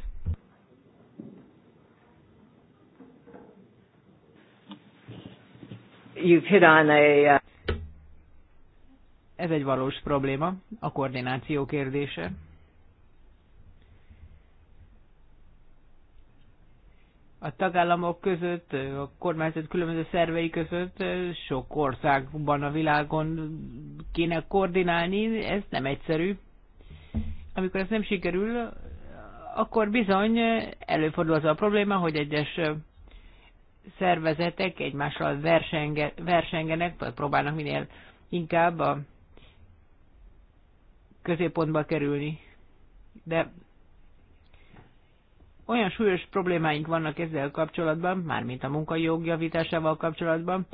You've hit on a, uh, Ez egy valós probléma, a koordináció kérdése. a tagállamok között, a kormányzat különböző szervei között sok országban a világon kéne koordinálni, ez nem egyszerű. Amikor ez nem sikerül, akkor bizony előfordul az a probléma, hogy egyes szervezetek egymással versenge, versengenek, vagy próbálnak minél inkább a középpontba kerülni. De olyan súlyos problémáink vannak ezzel kapcsolatban, mármint a munkajog javításával kapcsolatban.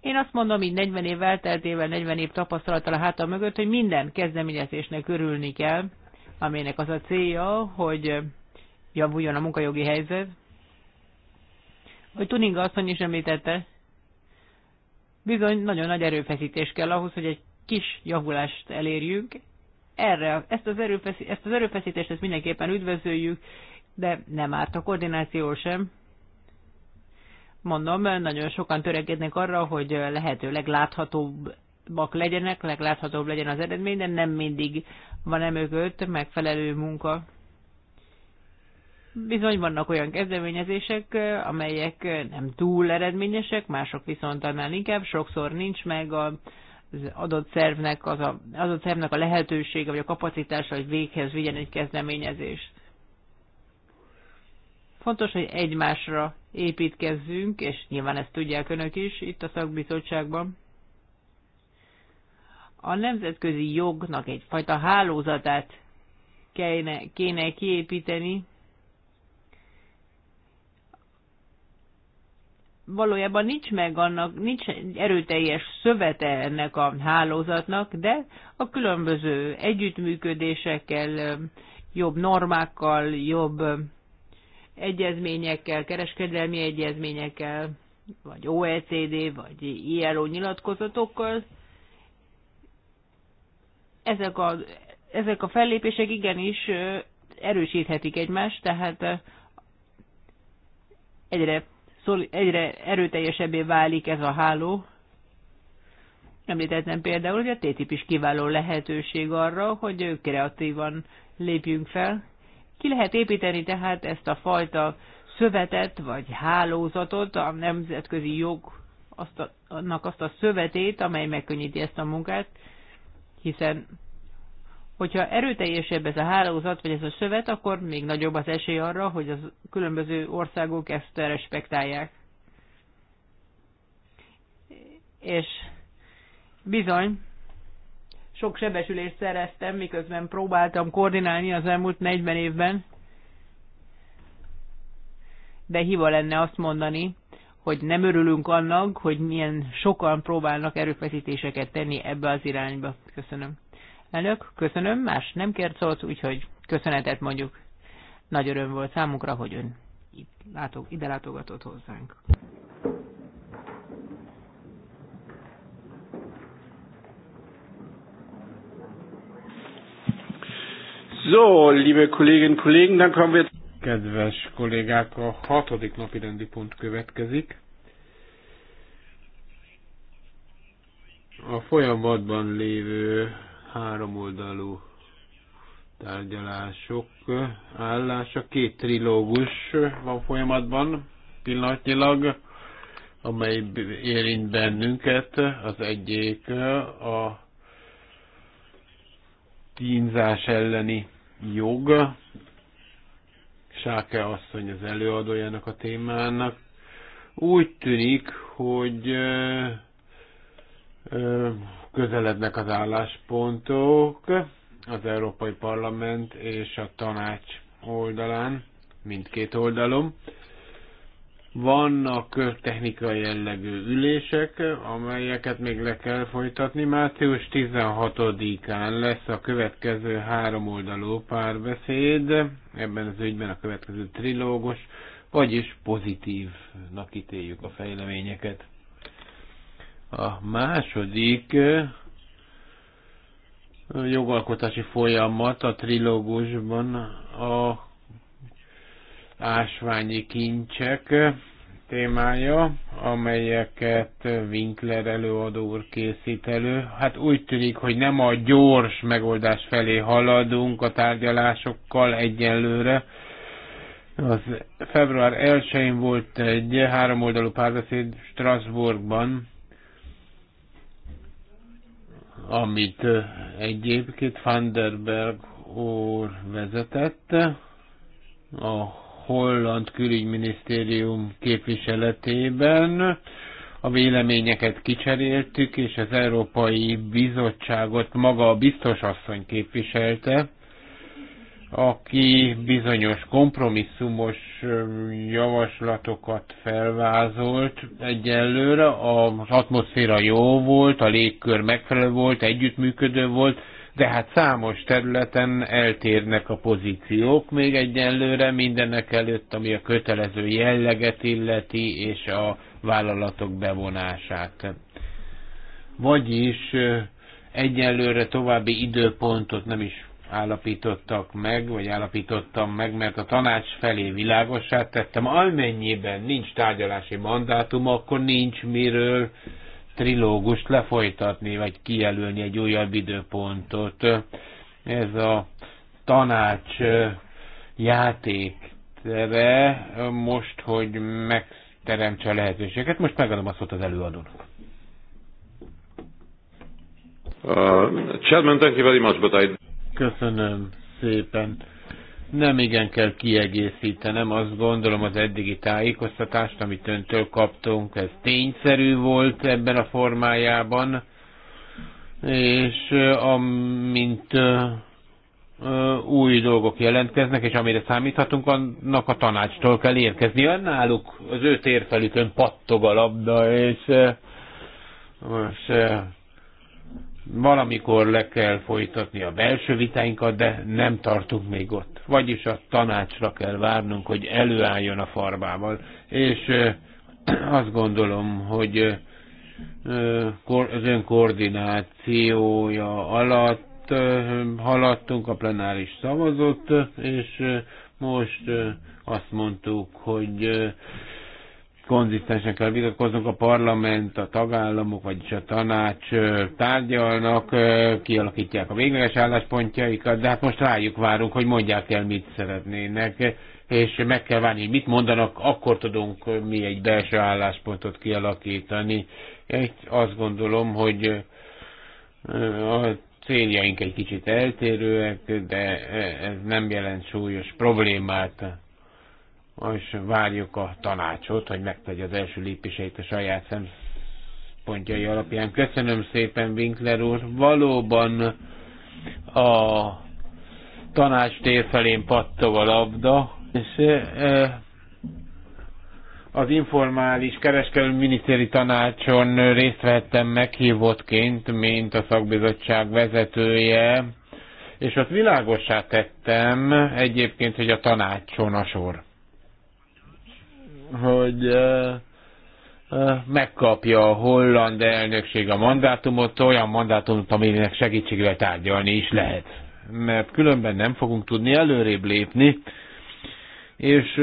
Én azt mondom, így 40 év elteltével, 40 év tapasztalattal a hátam mögött, hogy minden kezdeményezésnek örülni kell, aminek az a célja, hogy javuljon a munkajogi helyzet. Hogy Tuninga asszony is említette, bizony nagyon nagy erőfeszítés kell ahhoz, hogy egy kis javulást elérjünk. Erre, ezt az, erőfeszítést, ezt az erőfeszítést ezt mindenképpen üdvözöljük, de nem árt a koordináció sem. Mondom, nagyon sokan törekednek arra, hogy lehetőleg láthatóbbak legyenek, legláthatóbb legyen az eredmény, de nem mindig van emögött megfelelő munka. Bizony vannak olyan kezdeményezések, amelyek nem túl eredményesek, mások viszont annál inkább, sokszor nincs meg az adott szervnek, az a, adott szervnek a lehetősége vagy a kapacitása, hogy véghez vigyen egy kezdeményezést. Fontos, hogy egymásra építkezzünk, és nyilván ezt tudják önök is itt a szakbizottságban. A nemzetközi jognak egyfajta hálózatát kéne, kéne kiépíteni, valójában nincs meg annak, nincs erőteljes szövete ennek a hálózatnak, de a különböző együttműködésekkel, jobb normákkal, jobb egyezményekkel, kereskedelmi egyezményekkel, vagy OECD, vagy ILO nyilatkozatokkal. Ezek a, ezek a fellépések igenis erősíthetik egymást, tehát egyre, egyre erőteljesebbé válik ez a háló. Említettem például, hogy a TTIP is kiváló lehetőség arra, hogy kreatívan lépjünk fel, ki lehet építeni tehát ezt a fajta szövetet vagy hálózatot, a nemzetközi jog azt a, annak azt a szövetét, amely megkönnyíti ezt a munkát, hiszen hogyha erőteljesebb ez a hálózat, vagy ez a szövet, akkor még nagyobb az esély arra, hogy az különböző országok ezt respektálják. És bizony, sok sebesülést szereztem, miközben próbáltam koordinálni az elmúlt 40 évben, de hiba lenne azt mondani, hogy nem örülünk annak, hogy milyen sokan próbálnak erőfeszítéseket tenni ebbe az irányba. Köszönöm. Elnök, köszönöm, más nem kért szót, úgyhogy köszönetet mondjuk. Nagy öröm volt számunkra, hogy ön itt látog, ide látogatott hozzánk. So, liebe Kolleginnen und Kollegen, dann kommen wir... Kedves kollégák, a hatodik napi rendi pont következik. A folyamatban lévő háromoldalú tárgyalások állása, két trilógus van folyamatban pillanatnyilag, amely érint bennünket. Az egyik a kínzás elleni jog. Sáke asszony az előadójának a témának. Úgy tűnik, hogy közelednek az álláspontok az Európai Parlament és a tanács oldalán, mindkét oldalon. Vannak technikai jellegű ülések, amelyeket még le kell folytatni. Március 16-án lesz a következő háromoldalú párbeszéd, ebben az ügyben a következő trilógos, vagyis pozitívnak ítéljük a fejleményeket. A második jogalkotási folyamat a trilógusban a ásványi kincsek témája, amelyeket Winkler előadó úr készít elő. Hát úgy tűnik, hogy nem a gyors megoldás felé haladunk a tárgyalásokkal egyenlőre. Az február 1-én volt egy háromoldalú párbeszéd Strasbourgban, amit egyébként Vanderberg úr vezetett, a holland külügyminisztérium képviseletében. A véleményeket kicseréltük, és az Európai Bizottságot maga a biztosasszony képviselte, aki bizonyos kompromisszumos javaslatokat felvázolt egyelőre. Az atmoszféra jó volt, a légkör megfelelő volt, együttműködő volt, de hát számos területen eltérnek a pozíciók, még egyenlőre mindenek előtt, ami a kötelező jelleget illeti, és a vállalatok bevonását. Vagyis egyenlőre további időpontot nem is állapítottak meg, vagy állapítottam meg, mert a tanács felé világosát tettem, amennyiben nincs tárgyalási mandátum, akkor nincs miről trilógust lefolytatni, vagy kijelölni egy újabb időpontot. Ez a tanács játéktere most, hogy megteremtse a lehetőséget. Most megadom a szót az előadónak. Uh, Chairman, thank you very much, but I... Köszönöm szépen. Nem igen kell kiegészítenem, azt gondolom az eddigi tájékoztatást, amit öntől kaptunk, ez tényszerű volt ebben a formájában, és amint új dolgok jelentkeznek, és amire számíthatunk, annak a tanácstól kell érkezni. Náluk az ő térfelükön pattog a labda, és most Valamikor le kell folytatni a belső vitáinkat, de nem tartunk még ott. Vagyis a tanácsra kell várnunk, hogy előálljon a farbával. És azt gondolom, hogy az önkoordinációja alatt haladtunk, a plenáris szavazott, és most azt mondtuk, hogy konzisztensen kell vitatkoznunk, a parlament, a tagállamok, vagyis a tanács tárgyalnak, kialakítják a végleges álláspontjaikat, de hát most rájuk várunk, hogy mondják el, mit szeretnének, és meg kell várni, hogy mit mondanak, akkor tudunk mi egy belső álláspontot kialakítani. Én azt gondolom, hogy a céljaink egy kicsit eltérőek, de ez nem jelent súlyos problémát és várjuk a tanácsot, hogy megtegye az első lépéseit a saját szempontjai alapján. Köszönöm szépen, Winkler úr. Valóban a tanács felén pattog a labda, és az informális kereskedelmi minisztéri tanácson részt vettem meghívottként, mint a szakbizottság vezetője, és ott világosá tettem egyébként, hogy a tanácson a sor hogy megkapja a holland elnökség a mandátumot, olyan mandátumot, aminek segítségével tárgyalni is lehet. Mert különben nem fogunk tudni előrébb lépni. És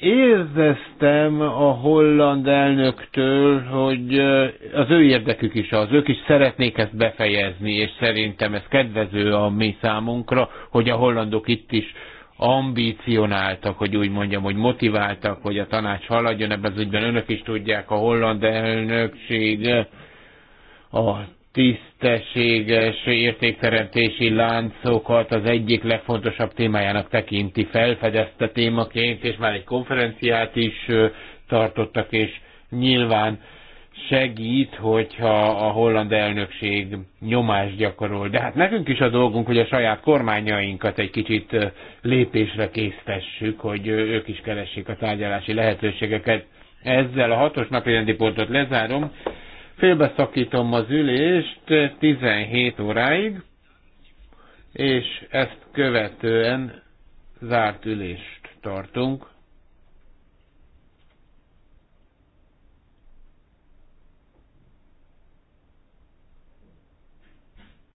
érzeztem a holland elnöktől, hogy az ő érdekük is az, ők is szeretnék ezt befejezni, és szerintem ez kedvező a mi számunkra, hogy a hollandok itt is ambícionáltak, hogy úgy mondjam, hogy motiváltak, hogy a tanács haladjon ebben az ügyben. Önök is tudják, a holland elnökség a tisztességes értékteremtési láncokat az egyik legfontosabb témájának tekinti, felfedezte témaként, és már egy konferenciát is tartottak, és nyilván segít, hogyha a holland elnökség nyomást gyakorol. De hát nekünk is a dolgunk, hogy a saját kormányainkat egy kicsit lépésre késztessük, hogy ők is keressék a tárgyalási lehetőségeket. Ezzel a hatos napi pontot lezárom, félbeszakítom az ülést 17 óráig, és ezt követően zárt ülést tartunk.